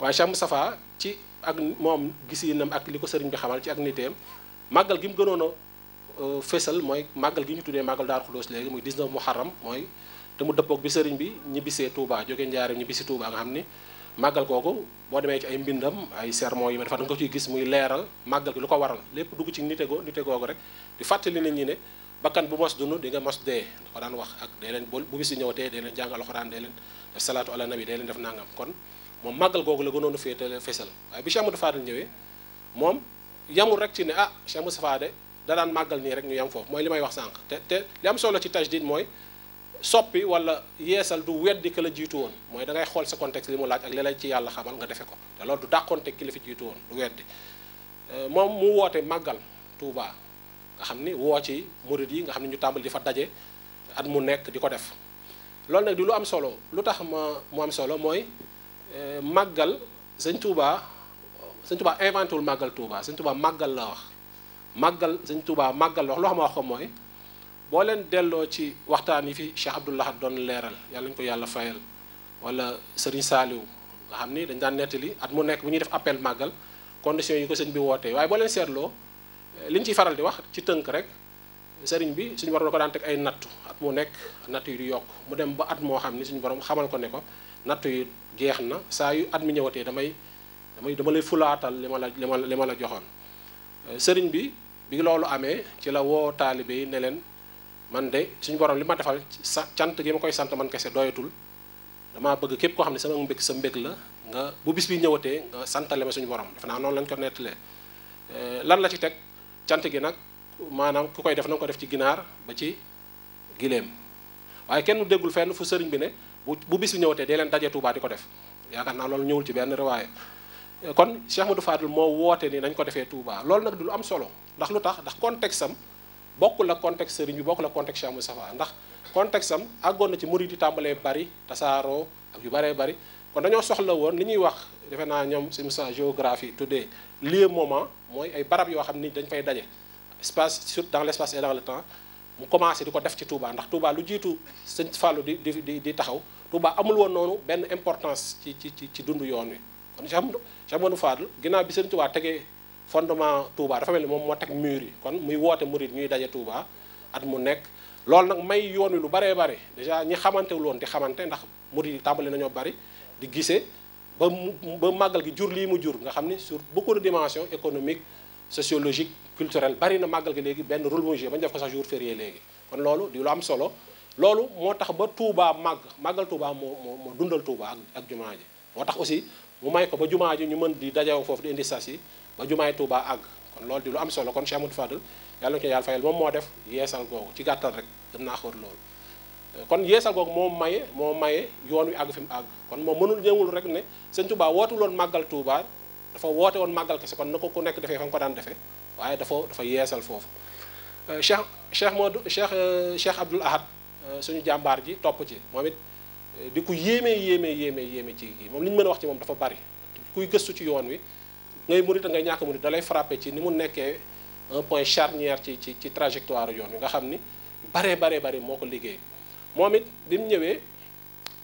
waaye Cheikh Moustapha ci ak moom gisinam ak li ko sëriñ bi xamal ci ak niteem màggal gi mu gënoon a fésal mooy màggal gi ñu tuddee màggal Daaru Xudóos léegi muy mu xaram mooy. te mu dëppoog bi sëriñ bi ñibbisee Touba jóge njaareem ñibbisi Touba nga xam ni màggal kooku boo demee ci ay mbindam ay sermon yi ma dafa na nga ko ciy gis muy leeral màggal gi lu ko waral lépp dugg ci nite go nite googu rek di fàttali nit ñi ne bakkan bu mos dund di nga mos dee da wax ak day leen bu bis yi ñëwatee day leen jàng alxuraan day leen def salaatu ala nabi day leen def nangam kon moom màggal googu la gënoon a féetale fesal waaye bi Cheikh Amadou Fadil ñëwee moom yamul rek ci ne ah Cheikh Moustapha de da daan màggal rek ñu yam foofu mooy li may wax sànq te te li solo ci tajdid mooy soppi wala yeesal du weddi ka la jiitu woon mooy da ngay xool sa contexte li mu laaj ak li lay ci yàlla xamal nga defe ko te loolu du dàqonte ki la fi jiitu woon du weddi euh, moom mu woote màggal Touba nga xam ni woo ci murid yi nga xam ne ñu tàmbali di fa daje at mu nekk di ko def loolu nag di lu am solo lu tax ma mu am solo mooy euh, màggal sëñ Touba sëñ Touba inventé màggal Touba sëñ Touba màggal la wax màggal sëñ Touba màggal loo xam ma wax ko mooy boo leen delloo ci waxtaan yi fi Cheikh Abdou Lahad doon leeral yàlla ñu ko yàlla fayal wala Serigne Saliou nga xam ni dañ daan nettali at mu nekk bu ñuy def appel màggal condition yi ko sëñ bi wootee waaye boo leen seetloo eh, liñ ciy faral di wax ci tënk rek sëriñ bi suñ borom da ko daan teg ay nattu at mu nekk nattu yi di yokk mu dem ba at moo xam ni suñu borom xamal ko ne ko nattu yi jeex na saa yu at mi ñëwatee damay damay dama lay fulaatal li ma la l ma li ma la joxoon eh, sëriñ bi loolu amee ci la woo ne leen man de suñu borom li ma defal sa cant gi ma koy sant man kese doyatul damaa bëgg képp koo xam ne sama mbég sa mbég la nga bu bis bi ñëwatee nga santale ma suñu borom def naa noonu lañ ko nettalee euh, lan la ci teg cant gi nag maanaam ku koy def na ko def ci ginaar ba ci gileem waaye kenn déggul fenn fu sëriñ bi ne bu bu bis bi ñëwatee leen daje Tuubaa di ko def yaakaar naa loolu ñëwul ci benn riwaay kon Cheikh Modou Fadil moo woote ni nañ ko defee Touba loolu nag du lu am solo ndax lu tax ndax teg sam bokk la contexte sëriñ bi bokk la contexte Cheikh Moustapha ndax contexte am àggoon na ci murid yi tàmbalee bari tasaaroo ak yu baree bari kon dañoo soxla woon li ñuy wax defe naa ñoom si sa géographie tuddee lieu moment mooy ay barab yoo xam ni dañ fay daje espace surtout dans l' espace et dans le temps mu commencé di ko def ci Touba ndax Touba lu jiitu sëñ Fallou di di di taxaw Touba amul woon noonu benn importance ci ci ci dund yoon wi kon Cheikh Cheikh Modou bi sëñ Touba tegee fondement Touba dafa mel moom moo teg mur yi kon muy woote murid ñuy daje Touba at mu nekk loolu nag may yoon wi lu baree bare dèjà ñi xamantewul woon di xamante ndax murid yi tàmbali nañoo bari di gise ba ba màggal gi jur lii mu jur nga xam ni sur beaucoup de dimensions économiques sociologiques culturelles bari na màggal gi léegi benn rôle mu joué ba def ko sax jour férié léegi kon loolu di lu am solo loolu moo tax ba tuubaa màgg màggal Touba moo moo moo dundal Touba ak ak jumaa moo tax aussi mu may ko ba jumaa ji ñu mën di dajeewoo foofu di indi ba jumaay Touba àgg kon loolu di lu am solo kon Cheikh Amadou Fadal yàlla na ko yàlla fayal moom moo def yeesal googu ci gàttal rek gën naa xóot loolu kon yeesal googu moom maye moo maye yoon wi àgg fi mu àgg kon moom mënul ñëwul rek ne sëñ Touba wootuloon màggal tuubaa dafa woote woon màggal kese kon na ko ku nekk defee fa nga ko daan defee waaye dafa dafa yeesal foofu euh, Cheikh Cheikh Modou Cheikh euh, Cheikh Abdoul Ahad euh, suñu jàmbaar ji topp ci moom it di ku yéeme yéeme yéeme yéeme ci moom li mën a wax ci moom dafa bari kuy gëstu ci yoon wi ngay murit ngay ñàkk murit da lay frappé ci ni mu nekkee un point charnière ci ci ci trajectoire yoon wi nga xam ni baree baree bari moo ko liggéey moom it bi mu ñëwee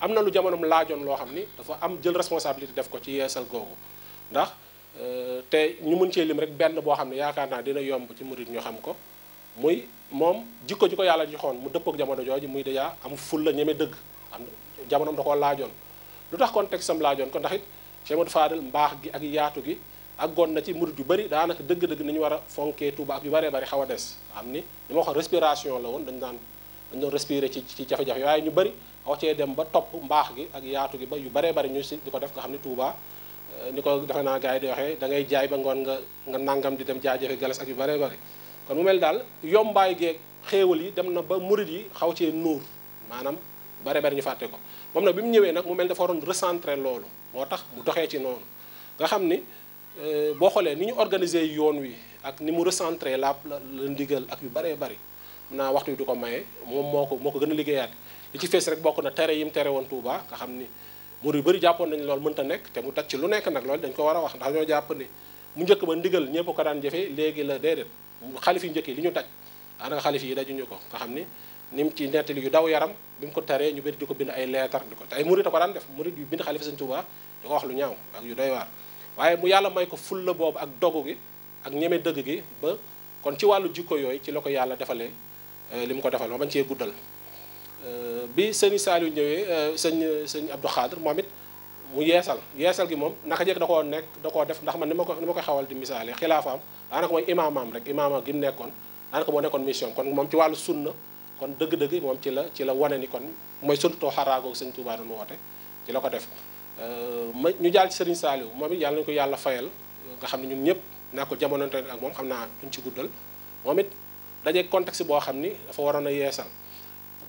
am na lu jamonom laajoon loo xam ni dafa am jël responsabilité def ko ci yeesal googu ndax euh, te ñu mën cee lim rek benn boo xam ne yaakaar naa dina yomb ci murit ñu xam ko muy moom jikko ji ko yàlla joxoon mu dëppook jamono jooju muy dajaa am ful la ñeme dëgg am jamonoom da koo laajoon lu tax contexte am laajoon ko ndax it Cheikh Modou mbaax gi ak yaatu gi ak àggoon na ci murid yu bëri daanaka dëgg-dëgg nañu war a fonkee Touba ak yu bëree bëri xaw a des am ni ñu ma waxoon respiration la woon dañu daan dañu doon respirer ci ci jafe-jafe waaye ñu bëri aw cee dem ba topp mbaax gi ak yaatu gi ba yu bare bëri ñu si di ko def nga xam ne Touba eh, ni ko defe naa gars yi di waxee da ngay jaay ba ngoon nga nga nangam di dem jaajëfe galas ak yu bëree bëri kon mu mel daal yombaay geeg xéewal yi dem na ba murid yi xaw cee nuur maanaam bare bare ñu fàtte ko moom nag bi mu ñëwee nag mu mel dafa waroon recentrer loolu moo tax mu doxee ci noonu nga xam ni Euh, boo xoolee ni ñu organiser yoon wi ak ni mu recentrer la la ndigal ak yu bare bëri mun naa waxtu wi du ko maye moom moo ko moo ko gën a liggéeyaat li ci fees rek bokk na tere yi mu tere woon Touba nga xam ni mur yu bëri nañ loolu mënta nekk te mu teg ci lu nekk nag loolu dañ ko war a wax ndax ñoo jàpp mu njëkk ba ndigal ñëpp ko daan jëfe léegi la déedéet xalif yi njëkk yi li ñu daj daanaka xalif yi dajuñu ko nga xam ni ni mu ci nettali yu daw yaram bi mu ko teree ñu bëri di ko bind ay leetar di ko te ay murit a ko daan def murit yu bind xalifa Sëñ Touba wax lu ñaaw ak yu doy waaye mu yàlla may ko fulla boobu ak dogu gi ak ñeme dëgg gi ba kon ci wàllu jikko yooyu ci la ko yàlla defalee euh, li mu ko defal ma bañ cee guddal euh, bi sëñ yu ñëwee sëñ euh, sëñ Abdou Khadre moom it mu yeesal yeesal gi moom naka jekk da koo nekk da koo def ndax man ni ma ko ni ma ko xawal di misaale xilaafaam daanaka mooy imaamam rek imaamam gi mu nekkoon daanaka moo nekkoon mission kon moom ci wàllu sunna kon dëgg-dëgg moom ci la ci la wane ni kon mooy sunnatoo xaraagoog sëñ Tuubaa doon woote ko def Euh, ma ñu jàll ci Serigne Saliou moom it yàlla nañu ko yàlla fayal nga xam ne ñun ñëpp naa ko jamonante ak moom xam naa duñ ci guddal moom it daje contexte boo xam ni dafa waroon a yeesal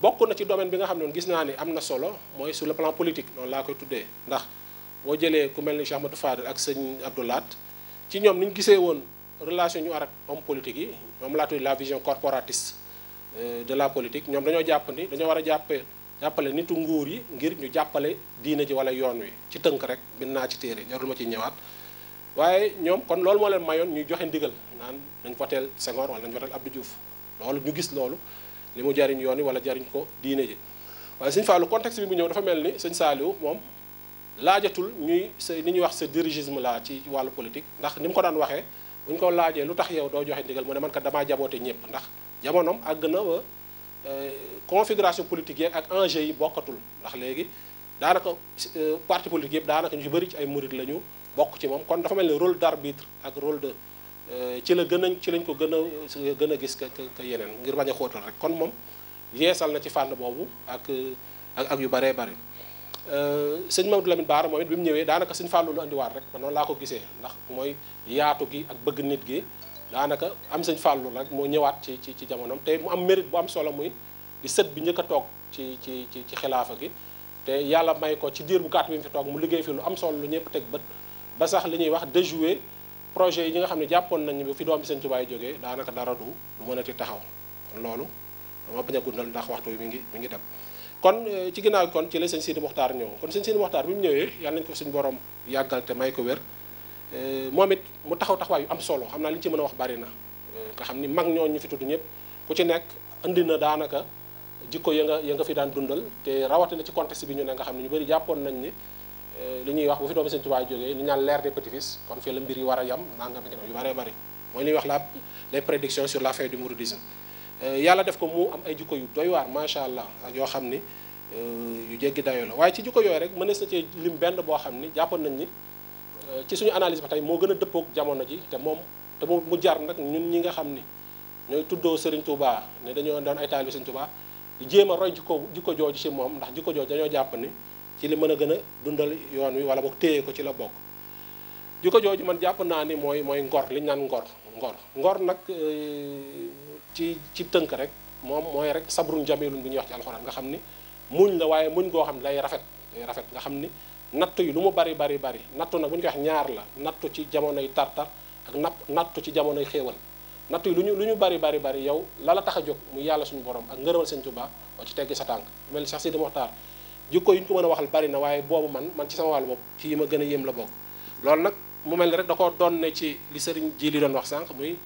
bokk na ci domaine bi nga xam ne gis naa ni am na solo mooy sur le plan politique noonu laa koy tuddee ndax boo jëlee ku mel ni Cheikh Ahmadou Fadel ak sëñ Abdoulaat ci ñoom ni ñu gisee woon relation ñu ar ak homme politique yi moom laa tudd la vision corporatiste euh, de la politique ñoom dañoo jàpp dañoo war a jàppee jàppale nitu nguur yi ngir ñu jàppale diine ji wala yoon wi ci tënk rek bind naa ci téere jarul ma ci ñëwaat waaye ñoom kon loolu moo leen mayoon ñuy joxe ndigal naan nañ voteel Senghor wala nañ voteel Abdou Diouf loolu ñu gis loolu li mu jariñ yoon wi wala jariñ ko diine ji waaye Sëñ Fallou contexte bi bu ñëw dafa mel ni Sëñ Saliou moom laajatul ñuy sa ni ñu wax sa dirigisme laa ci wàllu politique ndax ni mu ko daan waxee bu ñu ko laajee lu tax yow doo joxe ndigal mu ne man ko damaa jaboote ñëpp ndax jamonoom àgg na Euh, configuration politique yeeg ak enjeu yi bokkatul ndax léegi daanaka euh, parti politique yëpp daanaka ñu ci bëri ci ay murit la ñu bokk ci moom kon dafa mel ni rôle d'arbitre ak rôle de euh, ci la gën a ci lañ ko gën a gën a gis ka ka yeneen ngir bañ a xóotal rek kon moom yeesal na ci fànn boobu ak ak ak yu baree bare sëñ Mamadou Lamine Baara moom it bi mu ñëwee daanaka sëñ Fallou lu andiwaat rek man noonu laa ko gisee ndax mooy yaatu gi ak bëgg nit gi daanaka am sañ Fallou nag moo ñëwaat ci ci ci jamonoom te mu am mérite bu am solo muy di sët bi njëkk a toog ci ci ci ci xilaafa gi te yàlla may ko ci diir bu gàtt bi mu fi toog mu liggéey fii lu am solo lu ñëpp teg bët ba sax li ñuy wax déjouer projet yi nga xam ne jàppoon nañu bi fi doom bi sëñ Tuubaa jógee daanaka dara du du mënati taxaw loolu dama bañ a guddal ndax waxtu mi ngi mi ngi dem kon e, ci ginnaaw kon ci la sëñ Sidi Mokhtar ñëw kon sëñ Sidi Mokhtar bi mu ñëwee yàlla nañ ko suñu borom yàggal may ko wér Euh, moom it mu taxaw taxawaay yu am solo xam naa li ñu ci mën a wax bari na euh, nga xam ni mag ñooñu ñu fi tudd ñëpp ku ci nekk indi na daanaka jikko ya nga ya nga fi daan dundal te rawatina ci contexte bi ñu ne nga xam ne ñu bëri jàppoon nañ ni euh, li ñuy wax bu fi doomi Sëñ leer des petits kon fii la mbir yi war a yam nangam yu bëree bëri mooy li ñuy wax la les prédictions sur la fin du mouridisme yàlla def ko mu am ay jikko yu doy waar macha allah ak yoo xam ni yu jéggi dayo la waaye ci jikko yooyu rek mënees na cee lim benn boo xam ni jàppoon nañ ni ci suñu analyse ba tey moo gën a dëppoog jamono ji te moom te mu mu jar nag ñun ñi nga xam ni ñooy tuddoo Serigne Touba ne dañoo doon ay taalibe Serigne Touba di jéem a roy jikko jikko jooju ci moom ndax jikko jooju dañoo jàpp ni ci li mën a gën a dundal yoon wi wala boog téye ko ci la bokk jikko jooju man jàpp naa ni mooy mooy ngor li naan ngor ngor ngor nag euh, ci ci tënk rek moom mooy rek sabrun jamilun bi ñuy wax ci alxuraan nga xam ni muñ la waaye muñ goo xam ne day rafet day rafet nga xam ni natt yi lu mu bari bari bari nattu nag bu ñu ko wax ñaar la nattu ci jamonoy tartar ak napp nattu ci jamonoy xéewal nattu yi lu ñu lu ñu bari bari bari yow la la tax a jóg mu yàlla suñu borom ak ngërëmal sëñ Tuubaa ci teggee sa tànk mel ni Cheikh Sidi Mokhtar jikko yi ñu ko mën a waxal bari na waaye boobu man man ci sama wàllu bopp ci yi ma gën a yem la bokk loolu nag mu mel ni rek da koo doon ne ci li sëriñ jii li doon wax sànq muy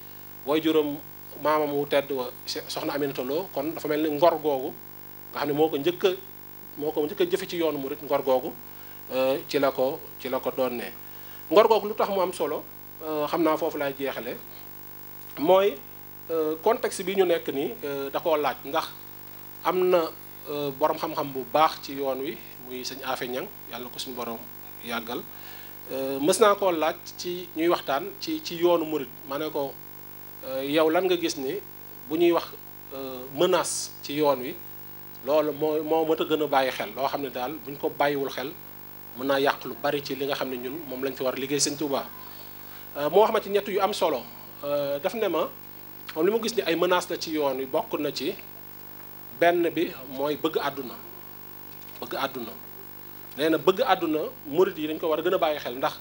way juróom maamam wu tedd wa soxna Aminata Lo kon dafa mel ni ngor googu nga xam ne moo ko njëkk a moo ko njëkk a jëfe ci yoonu Euh, ci la ko ci la ko doonee ngor googu lu tax mu am solo euh, xam naa foofu laay jeexale mooy euh, contexte bi ñu nekk nii da koo laaj ndax am na borom xam-xam bu baax ci yoon wi muy sëñ Afe Ñang yàlla ko suñu borom yàggal mës naa koo laaj ci ñuy waxtaan ci ci yoonu murit ma ne ko yow lan nga gis ni bu ñuy wax menace ci yoon wi loolu moo moo mën a gën a bàyyi xel loo xam ne daal bu ñu ko bàyyiwul xel mën naa yàq lu bari ci li nga xam ne ñun moom lañ fi war liggéey sëñ Touba euh, moo wax ma ci ñett yu am solo euh, daf ne ma moom li ma gis ni ay menaces la ci yoon wi bokk na ci benn bi mooy bëgg àdduna bëgg àdduna nee na bëgg àdduna murit yi dañ ko war a gën a bàyyi xel ndax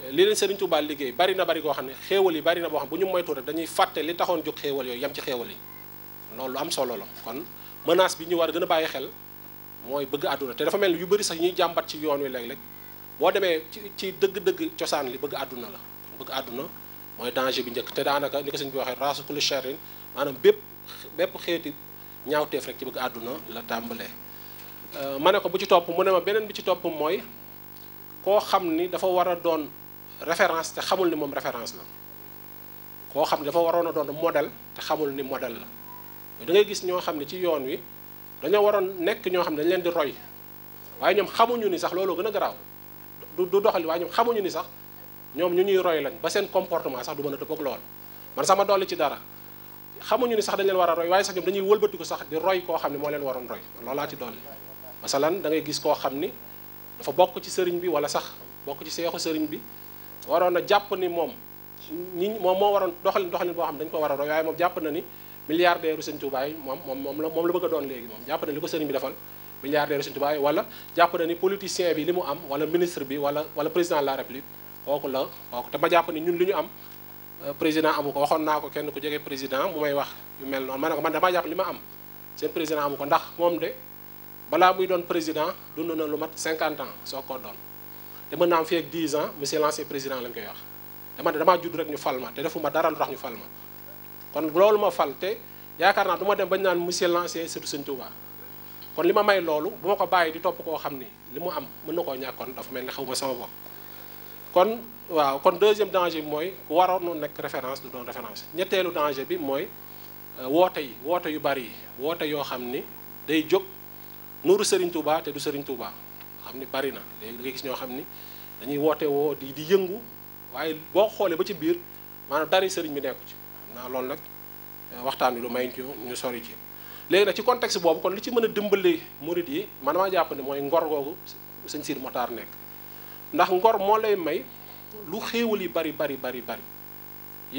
euh, li leen Serigne Touba liggéey bari na bari koo xam ne xéewal yi bari na boo xam bu ñu moytu rek dañuy fàtte li taxoon jóg xéewal yooyu yam ci xéewal yi loolu am solo la kon menace bi ñu war a gën bàyyi xel mooy bëgg àdduna te dafa mel ni yu bëri sax ñuy jàmbat ci yoon wi léeg-léeg boo demee ci ci dëgg-dëgg cosaan li bëgg àdduna la bëgg àdduna mooy danger bi njëkk te daanaka ni ko sëñ bi waxee raasu kulli charin maanaam bépp bépp xeeti ñaawteef rek ci bëgg àdduna la tàmbalee euh, ma ne ko bu ci topp mu ne ma beneen bi ci topp mooy koo xam ni dafa war doon référence te xamul ni moom référence la koo xam ni dafa waroon a doon modèle te xamul ni modèle la da ngay gis ñoo xam ne ci yoon wi dañoo waroon nekk ñoo xam ne dañ leen di roy waaye ñoom xamuñu ni sax looloo gën a garaaw du du doxali waaye ñoom xamuñu ni sax ñoom ñu ñuy roy lañ ba seen comportement sax du mën a dëppoog lool man sax ma dolli ci dara xamuñu ni sax dañ leen war a roy waaye sax ñoom dañuy wëlbatiku sax roy koo xam ne moo leen waroon roy loolaa ci dolli masalan da ngay gis koo xam ni dafa bokk ci sëriñ bi wala sax bokk ci seexu sëriñ bi waroon a jàpp ni moom ñi moom moo waroon doxalin doxalin boo xam ne ko war a roy waaye moom jàpp na ni milliardaire Sëriñ Tuubaa yi moom moom moom la moom la bëgg a doon léegi moom jàpp na li ko sëriñ bi defal milliardaire Sëriñ Tuubaa yi wala na ni politicien bi li mu am wala ministre bi wala wala président la la république kooku la kooku te ma jàpp ni ñun li ñu am euh, président amu ko waxoon naa ko kenn ku jege président mu may wax yu mel noonu ma ne ko man damaa jàpp li ma am seen président amu ndax moom de balaa muy doon président dund na lu mat 50 ans soo ko doon te naa am fii ak 10 ans président lañ koy wax dama damaa rek ñu fal ma te defuma dara lu tax fal ma kon loolu ma fal te yaakaar naa du dem bañ naan monsieur l'ancien surtout sëñ Touba kon li ma may loolu bu ma ko bàyyi di topp koo xam ni li mu am mën na koo ñàkkoon dafa may ni xaw ma sama bopp kon waaw kon deuxième danger bi mooy waroon noonu nekk référence du doon référence ñetteelu danger bi mooy euh, woote yi woote yu bari yi woote yoo xam ni day jóg nuuru Serigne Touba te du Serigne Touba xam ni bari na léegi da gis ñoo xam ni dañuy woote woo di di yëngu waaye boo xoolee ba ci biir maanaam dari Serigne bi nekku ci naa loolu nag eh, waxtaan wi lu may ñu ñu sori ci léegi nag ci contexte boobu kon li ci mën a dimbali murit yi man maa jàpp ne mooy ngor googu sëñ Sidi Mokhtar nekk ndax ngor moo lay may lu xéewal yi bari bari bari bari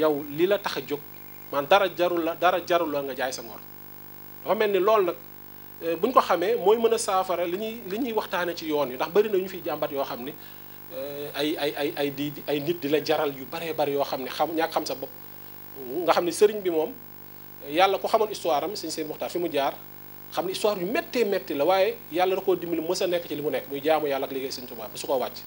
yow li la tax a jóg man dara jarul la dara jarul la nga jaay sa ngor dafa mel ni loolu nag eh, buñ ko xamee mooy mën a saafara li ñuy li ñuy waxtaane ci yoon yi ndax bari na ñu fiy jàmbat yoo xam ni eh, ay ay ay ay di ay nit di la jaral yu baree bari yoo xam ne xam sa bopp nga xam ne sëriñ bi moom yàlla ko xamoon histoire am sëñ seen waxtaan fi mu jaar xam ne histoire yu méttee métti la waaye yàlla da koo li mës a nekk ci li mu nekk muy jaamu yàlla ak liggéey sëñ Tuubaa ba su ko wàcc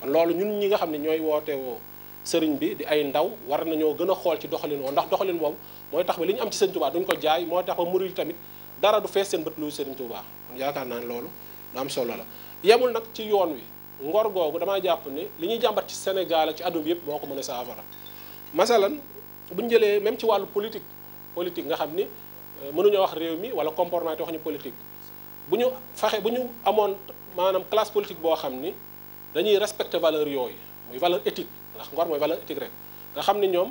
kon loolu ñun ñi nga xam ne ñooy woote woo sëriñ bi di ay ndaw war na nañoo gën a xool ci doxalin woo ndax doxalin boobu mooy tax ba li ñu am ci sëñ Tuubaa ko jaay moo tax ba murid tamit dara du fees seen bët lu sëriñ yaakaar naa ne loolu am solo la yemul nag ci yoon wi ngor googu damaa jàpp ne li ñuy jàmbat ci Sénégal ak ci àdduna yëpp moo ko mën a saafara bu ñu jëlee même ci wàllu politique politique nga xam ni euh, mënuñoo wax réew mi wala comportement te wax ñu politique bu ñu fexe bu ñu amoon maanaam classe politique boo xam ni dañuy respecter valeur yooyu muy valeur éthique ndax ngor mooy valeur éthique rek nga xam ni ñoom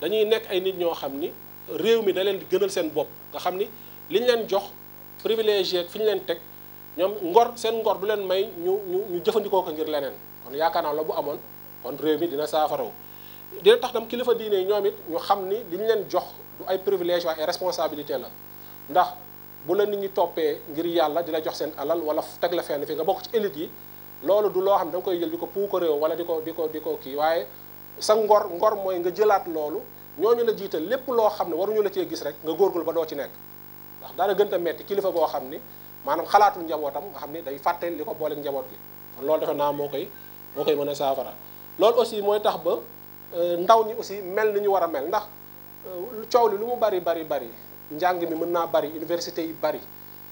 dañuy nekk ay nit ñoo xam ni réew mi da leen di gënal seen bopp nga xam ni li ñu leen jox privilégié fi ñu leen teg ñoom ngor seen ngor du leen may ñu ñu ñu jëfandikoo ko ngir leneen kon yaakaar naa la bu amoon kon réew mi dina saafaraw dina tax tam kilifa diine yi ñoom it ñu xam ni li ñu leen jox du ay privilège waaye ay responsabilité la ndax bu la nit ñi toppee ngir yàlla di la jox seen alal wala teg la fenn fi nga bokk ci élite yi loolu du loo xam ne da nga koy jël di ko réew wala di ko di ko ko kii waaye sa ngor ngor mooy nga jëlaat loolu ñoo ñu la jiital lépp loo xam ne waruñu la cee gis rek nga góorgul ba doo ci nekk ndax dara gën a metti kilifa boo xam ni maanaam xalaatul njabootam nga xam ni day fàtte li ko booleeg njaboot gi kon loolu defe naa moo koy moo koy mën a saafara Euh, ndaw ñi aussi mel ni ñu war a mel ndax euh, coow li lu mu bari bari bari njàng mi mën naa bari université yi bari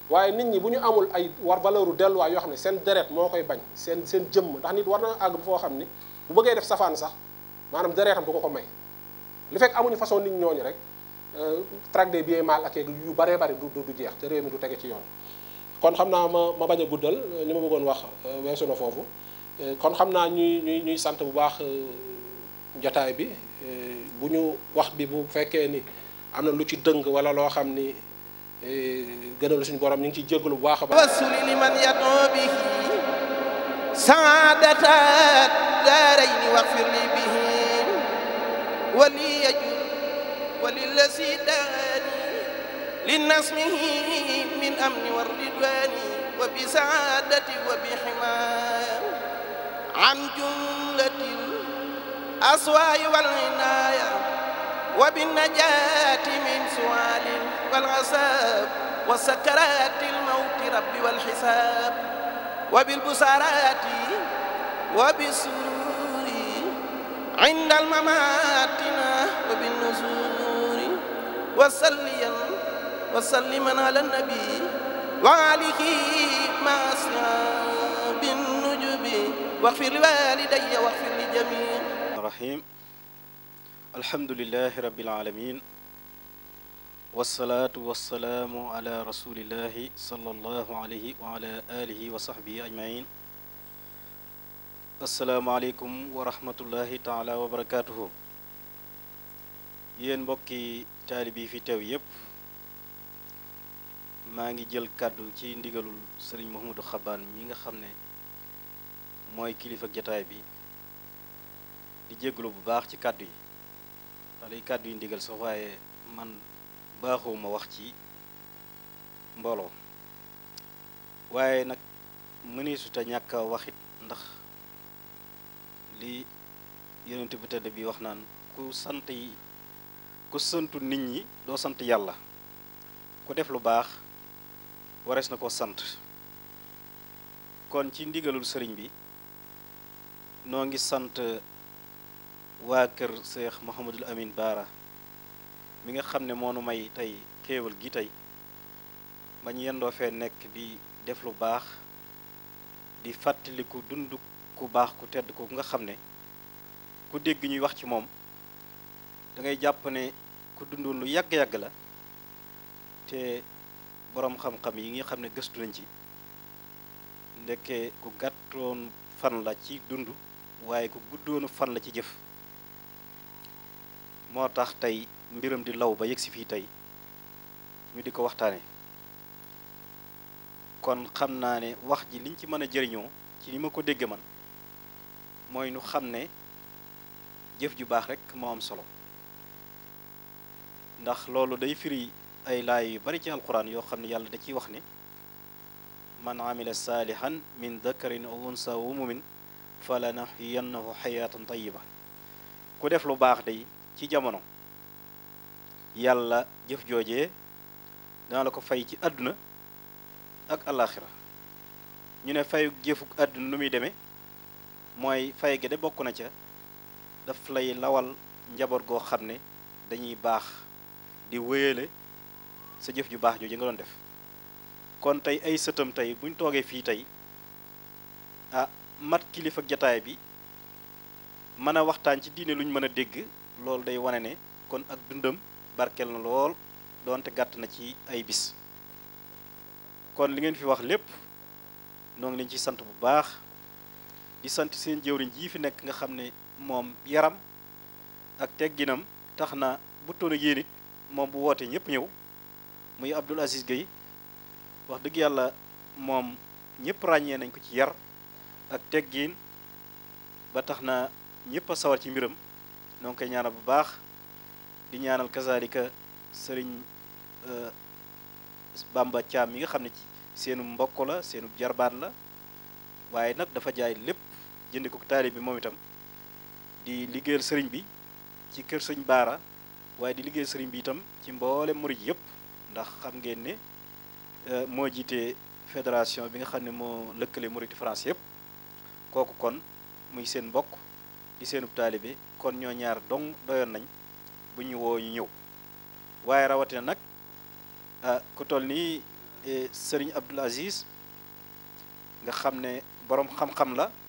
waaye nit ñi bu ñu amul ay war valeur u delluwaay yoo xam ne seen deret moo koy bañ seen seen jëmm ndax nit war na àgg bu foo xam ni bu bëggee def safaan sax maanaam deretam du ko ko may li fekk amuñu façon nit ñooñu rek euh, traque des biens mal ak yu baree bari du du jeex te réew mi du tege ci yoon kon xam naa ma ma bañ a guddal li ma bëggoon wax weesu na foofu xam naa ñuy sant bu baax jotaay bi euh, bu ñu wax bi bu fekke ni am na lu ci dëng wala loo xam ni euh, gënal suñu borom ñu ngi ciy jégalu bu baax a baax. wasuli liman yadoo bi saadata daarayni waxfir li bihi waliyaju walilazi daani li nasmihi min amni wa ridwani wa bi saadati wa bi ximaam an jumlat الأصواء والعناية وبالنجاة من سؤال والعصاب وسكرات الموت رب والحساب وبالبصارات وبالسرور عند المماتنا وبالنزور وسليا وسلما على النبي وآله مع أصحاب النجب واغفر لوالدي واغفر لجميع rahim alhamdulilahi rabbil alamin wasalaatu wasalaamu ala rasulillahi sallallahu alayhi wa ala alihi wa sahbihi ajmain asalaamaaleykum wa rahmatullahi taala wa barakatuhu yéen mbokki taalib yi fi teew yépp maa ngi jël kàddu ci ndigalul sëriñ Mouhamadou Xabaan mi nga xam ne mooy kilifa jataay bi di jégalu bu baax ci kàddu yi wala kàddu yi ndigal sax waaye man baaxoo ma wax ci mbooloo waaye nag mëneesut a ñàkk a waxit ndax li yonent bi tëdd bi wax naan ku sant yi ku santu nit ñi doo sant yàlla ku def lu baax warees na ko sant kon ci ndigalul sëriñ bi noo ngi sant waa kër Cheikh Mouhamadul Amin Baara mi nga xam ne moonu may tey xéewal gi tey ba ñu yendoo fee nekk di def lu baax di fàttaliku dund ku baax ku tedd ko ku nga xam ne ku dégg ñuy wax ci moom dangay jàpp ne ku dundoon lu yàgg-yàgg la te boroom xam-xam yi nga xam ne gëstu nañ ci ndekkee ku gàttoon fan la ci dund waaye ku guddoonu fan la ci jëf moo tax tey mbiram di law ba yegg si fii tey ñu di ko waxtaanee kon xam naa ne wax ji liñ ci mën a jëriñoo ci li ma ko dégg man mooy nu xam ne jëf ju baax rek moo am solo ndax loolu day firi ay laay yu bari ci alquran yoo xam ne yàlla da ciy wax ne man amila saalihan min dakarin aw unsa wa mumin fa la xayaatan tayiba ku def lu baax day ci jamono yàlla jëf jooje dana la ko fay ci àdduna ak alaaxira ñu ne fayu jëfuk àdduna nu muy deme mooy fay gi de bokk na ca daf lay lawal njaboot goo xam ne dañuy baax di wéyale sa jëf ju baax jooju nga doon def kon tey ay sëtam tey buñ toogee fii tey a ah, mat kilifa jataay bi mën a waxtaan ci diine luñ mën a dégg loolu day wane ne kon ak dundam barkeel na lool donte gàtt na ci ay bis kon li ngeen fi wax lépp noo ngi leen ci sant bu baax di sant seen jëwriñ jii fi nekk nga xam ne moom yaram ak tegginam tax na bu toon a moom bu wootee ñëpp ñëw muy Abdoul Aziz Guèye wax dëgg yàlla moom ñëpp ràññee nañ ko ci yar ak teggiin ba tax na ñëpp a sawar ci mbiram noo ngi ñaanal bu baax di ñaanal kazalika sëriñ euh, Bamba Thiam mi nga xam ne ci seenu mbokk la seenu jarbaat la waaye nag dafa jaay lépp jënd ko taalib bi moom itam di liggéeyal sëriñ bi ci kër sëñ Baara waaye di liggéeyal sëriñ bi itam ci mboole murid yëpp ndax xam ngeen ne euh, moo jiite fédération bi nga xam ne moo lëkkale murid France yëpp kooku kon muy seen mbokk di seenub taalibe kon ñoo ñaar dong doyoon nañ bu ñu woo ñu ñëw waaye rawatina nag ah, ku toll nii eh, Serigne Abdoul Aziz nga xam ne borom xam-xam la